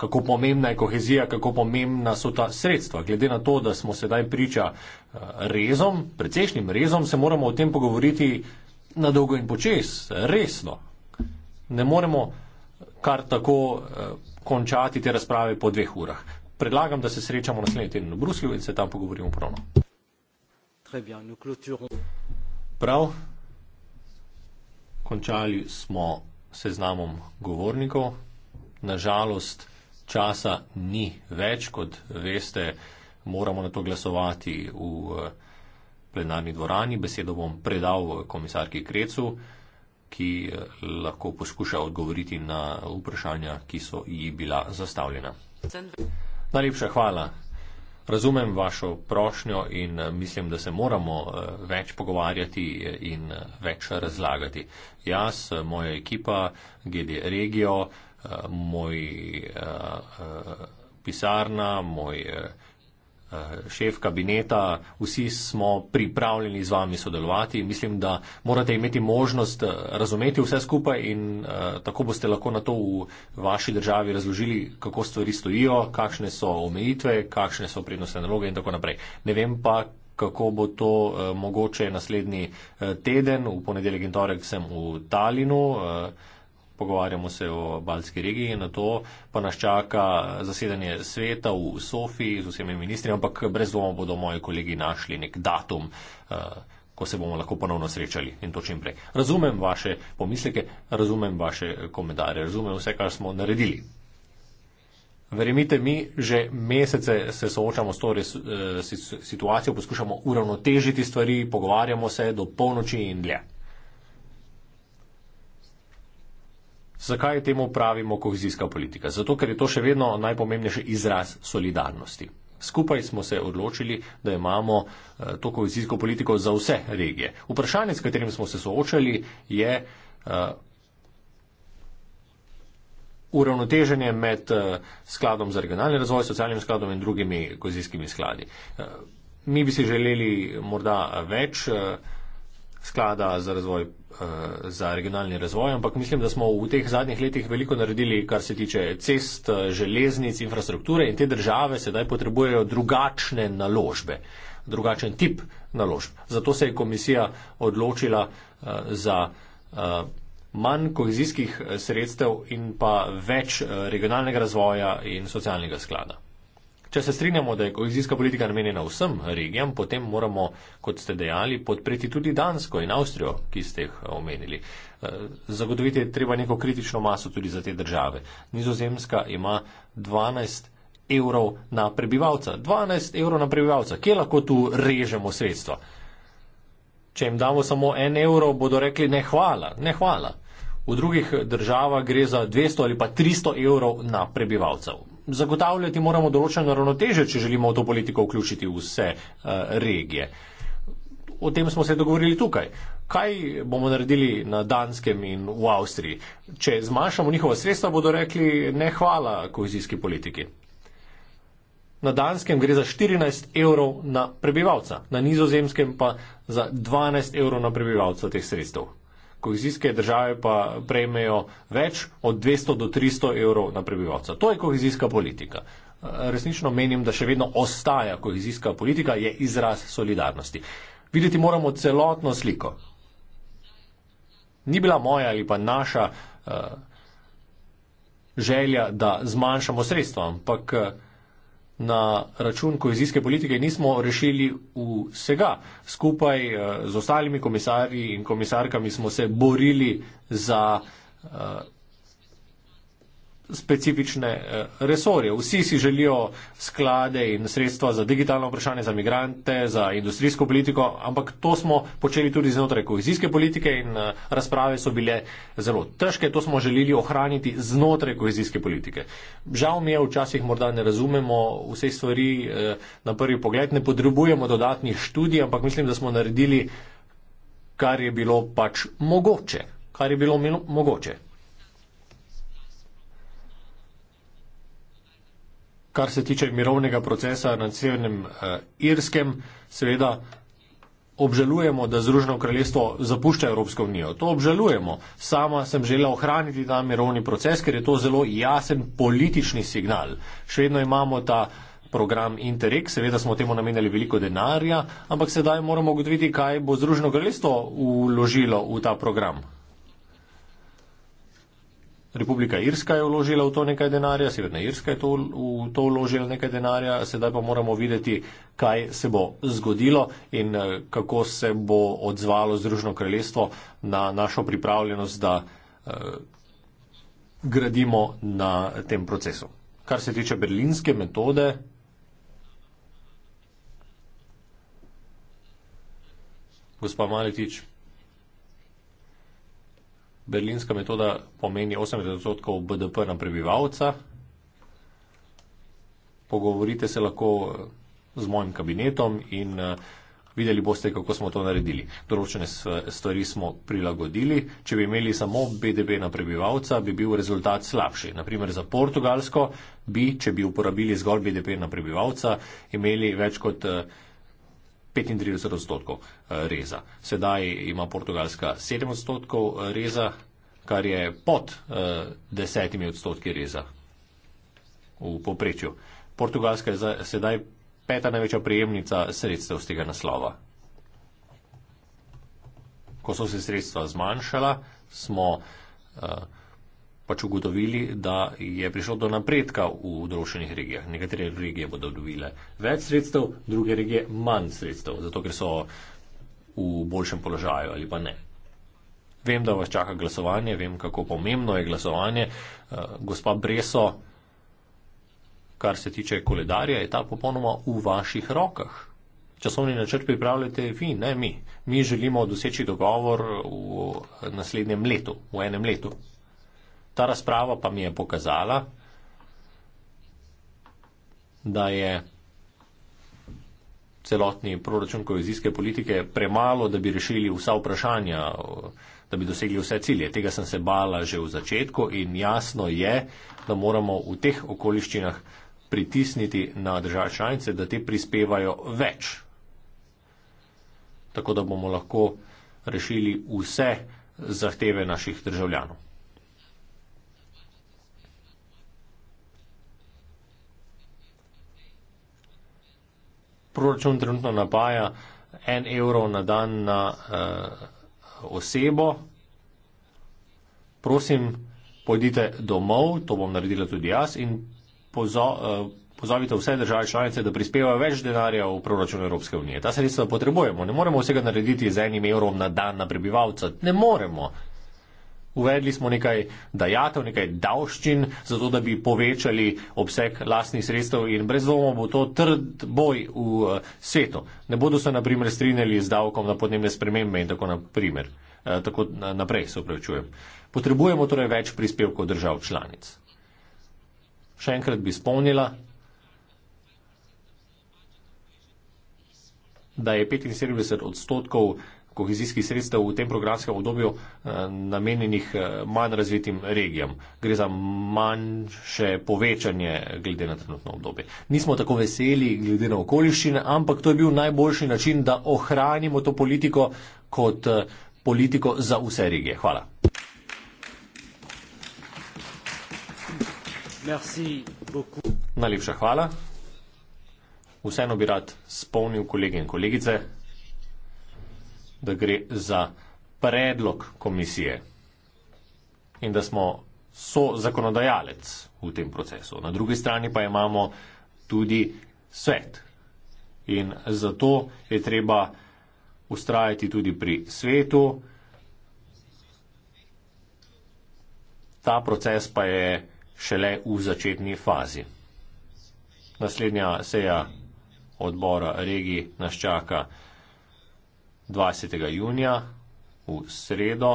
kako pomembna je kohezija, kako pomembna so ta sredstva. Glede na to, da smo sedaj priča eh, rezom, precejšnjim rezom, se moramo o tem pogovoriti na dolgo in počes, resno. Ne moremo kar tako eh, končati te razprave po dveh urah. Predlagam, da se srečamo naslednji teden v Bruslju in se tam pogovorimo ponovno. Prav, končali smo seznamom govornikov. Nažalost, časa ni več, kot veste, moramo na to glasovati v. Eh, plenarni dvorani. Besedo bom predal komisarki Krecu, ki eh, lahko poskuša odgovoriti na vprašanja, ki so ji bila zastavljena. Najlepša hvala. Razumem vašo prošnjo in eh, mislim, da se moramo eh, več pogovarjati in več razlagati. Jaz, moja ekipa, GD Regio, moj pisarna, moj. Eh, šef kabineta, vsi smo pripravljeni z vami sodelovati. Mislim, da morate imeti možnost eh, razumeti vse skupaj in uh, tako boste lahko na to v vaši državi razložili, kako stvari stojijo, kakšne so omejitve, kakšne so prednostne naloge in tako naprej. Ne vem pa, kako bo to uh, mogoče naslednji uh, teden, v ponedeljek in torek sem v Talinu. Uh, pogovarjamo se o Balski regiji, na to pa nas čaka zasedanje sveta v Sofiji z vsemi ministri, ampak brez dvoma bodo moji kolegi našli nek datum, eh, ko se bomo lahko ponovno srečali in to čim prej. Razumem vaše pomisleke, razumem vaše komentarje, razumem vse, kar smo naredili. Verjemite mi, že mesece se soočamo s to res, eh, situacijo, poskušamo uravnotežiti stvari, pogovarjamo se do polnoči in dlje. Zakaj temu pravimo kohezijska politika? Zato, ker je to še vedno najpomembnejši izraz solidarnosti. Skupaj smo se odločili, da imamo eh, to kohezijsko politiko za vse regije. Vprašanje, s katerim smo se soočali, je eh, uravnoteženje med eh, skladom za regionalni razvoj, socialnim skladom in drugimi kohezijskimi skladi. Mi bi si želeli morda več sklada za, razvoj, eh, za regionalni razvoj, ampak mislim, da smo v teh zadnjih letih veliko naredili, kar se tiče cest, eh, železnic, infrastrukture in te države sedaj potrebujejo drugačne naložbe, drugačen tip naložb. Zato se je komisija odločila eh, za manj kohezijskih sredstev in pa več regionalnega razvoja in socialnega sklada. Če se strinjamo, da je kohezijska politika namenjena vsem regijam, potem moramo, kot ste dejali, podpreti tudi Dansko in Avstrijo, ki ste jih eh, omenili. Eh, zagotoviti je treba neko kritično maso tudi za te države. Nizozemska ima 12 evrov na prebivalca. 12 evrov na prebivalca. Kje lahko tu režemo sredstva? Če jim damo samo en evro, bodo rekli ne hvala, ne hvala. V drugih državah gre za 200 ali pa 300 evrov na prebivalcev zagotavljati moramo določeno ravnoteže, če želimo v to politiko vključiti vse uh, regije. O tem smo se dogovorili tukaj. Kaj bomo naredili na Danskem in v Avstriji? Če zmanjšamo njihova sredstva, bodo rekli ne hvala kohezijski politiki. Na Danskem gre za 14 evrov na prebivalca, na nizozemskem pa za 12 evrov na prebivalca teh sredstev kohezijske države pa prejmejo več od 200 do 300 evrov na prebivalca. To je kohezijska politika. Resnično menim, da še vedno ostaja kohezijska politika, je izraz solidarnosti. Videti moramo celotno sliko. Ni bila moja ali pa naša uh, želja, da zmanjšamo sredstva, ampak uh, na račun kohezijske politike nismo rešili vsega. Skupaj eh, z ostalimi komisarji in komisarkami smo se borili za eh, specifične eh, resorje. Vsi si želijo sklade in sredstva za digitalno vprašanje, za migrante, za industrijsko politiko, ampak to smo počeli tudi znotraj kohezijske politike in eh, razprave so bile zelo težke, to smo želeli ohraniti znotraj kohezijske politike. Žal mi je, včasih morda ne razumemo vse stvari eh, na prvi pogled, ne potrebujemo dodatnih študij, ampak mislim, da smo naredili, kar je bilo pač mogoče. Kar je bilo mogoče. kar se tiče mirovnega procesa na severnem uh, eh, Irskem, seveda obžalujemo, da Združeno kraljestvo zapušča Evropsko unijo. To obžalujemo. Sama sem želela ohraniti ta mirovni proces, ker je to zelo jasen politični signal. Še vedno imamo ta program Interreg, seveda smo temu namenjali veliko denarja, ampak sedaj moramo ugotoviti, kaj bo Združeno kraljestvo uložilo v ta program. Republika Irska je vložila v to nekaj denarja, Severna Irska je to, v to vložila nekaj denarja, sedaj pa moramo videti, kaj se bo zgodilo in eh, kako se bo odzvalo Združeno kraljestvo na našo pripravljenost, da eh, gradimo na tem procesu. Kar se tiče berlinske metode. Gospa Maletič berlinska metoda pomeni 80% BDP na prebivalca. Pogovorite se lahko eh, z mojim kabinetom in eh, videli boste, kako smo to naredili. Določene stvari smo prilagodili. Če bi imeli samo BDP na prebivalca, bi bil rezultat slabši. Naprimer za Portugalsko bi, če bi uporabili zgolj BDP na prebivalca, imeli več kot eh, 35 odstotkov eh, reza. Sedaj ima Portugalska 7 odstotkov eh, reza, kar je pod 10 eh, odstotki reza v poprečju. Portugalska je sedaj peta največja prijemnica sredstev z tega naslova. Ko so se sredstva zmanjšala, smo pač ugotovili, da je prišlo do napredka v določenih regijah. Nekatere regije bodo dobile več sredstev, druge regije manj sredstev, zato ker so v boljšem položaju ali pa ne. Vem, da vas čaka glasovanje, vem, kako pomembno je glasovanje. Eh, gospa Breso, kar se tiče koledarja, je ta popolnoma v vaših rokah. Časovni načrt pripravljate vi, ne mi. Mi želimo doseči dogovor v naslednjem letu, v enem letu. Ta razprava pa mi je pokazala, da je celotni proračun kohezijske politike premalo, da bi rešili vsa vprašanja, da bi dosegli vse cilje. Tega sem se bala že v začetku in jasno je, da moramo v teh okoliščinah pritisniti na države članice, da te prispevajo več. Tako da bomo lahko rešili vse zahteve naših državljanov. proračun trenutno napaja en evro na dan na uh, osebo. Prosim, pojdite domov, to bom naredila tudi jaz in pozo, uh, pozovite vse države članice, da prispevajo več denarja v proračun Evropske unije. Ta sredstva potrebujemo. Ne moremo vsega narediti z enim evrom na dan na prebivalca. Ne moremo. Uvedli smo nekaj dajatev, nekaj davščin, zato da bi povečali obseg lastnih sredstev in brez dvoma bo to trd boj v eh, svetu. Ne bodo se naprimer strinjali z davkom na podnebne spremembe in tako naprej. E, eh, tako naprej se upravičujem. Potrebujemo torej več prispevkov držav članic. Še enkrat bi spomnila, da je 75 odstotkov kohezijskih sredstev v tem programskem obdobju eh, namenjenih eh, manj razvitim regijam. Gre za manjše povečanje glede na trenutno obdobje. Nismo tako veseli glede na okoliščine, ampak to je bil najboljši način, da ohranimo to politiko kot eh, politiko za vse regije. Hvala. Najlepša hvala. Vseeno bi rad spomnil kolege in kolegice, da gre za predlog komisije in da smo so zakonodajalec v tem procesu. Na drugi strani pa imamo tudi svet. In zato je treba ustrajati tudi pri svetu. Ta proces pa je šele v začetni fazi. Naslednja seja odbora regij nas čaka 20. junija v sredo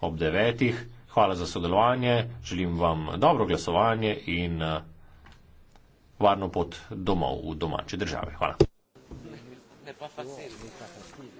ob 9. Hvala za sodelovanje, želim vam dobro glasovanje in varno pot domov v domače države. Hvala. Ne, ne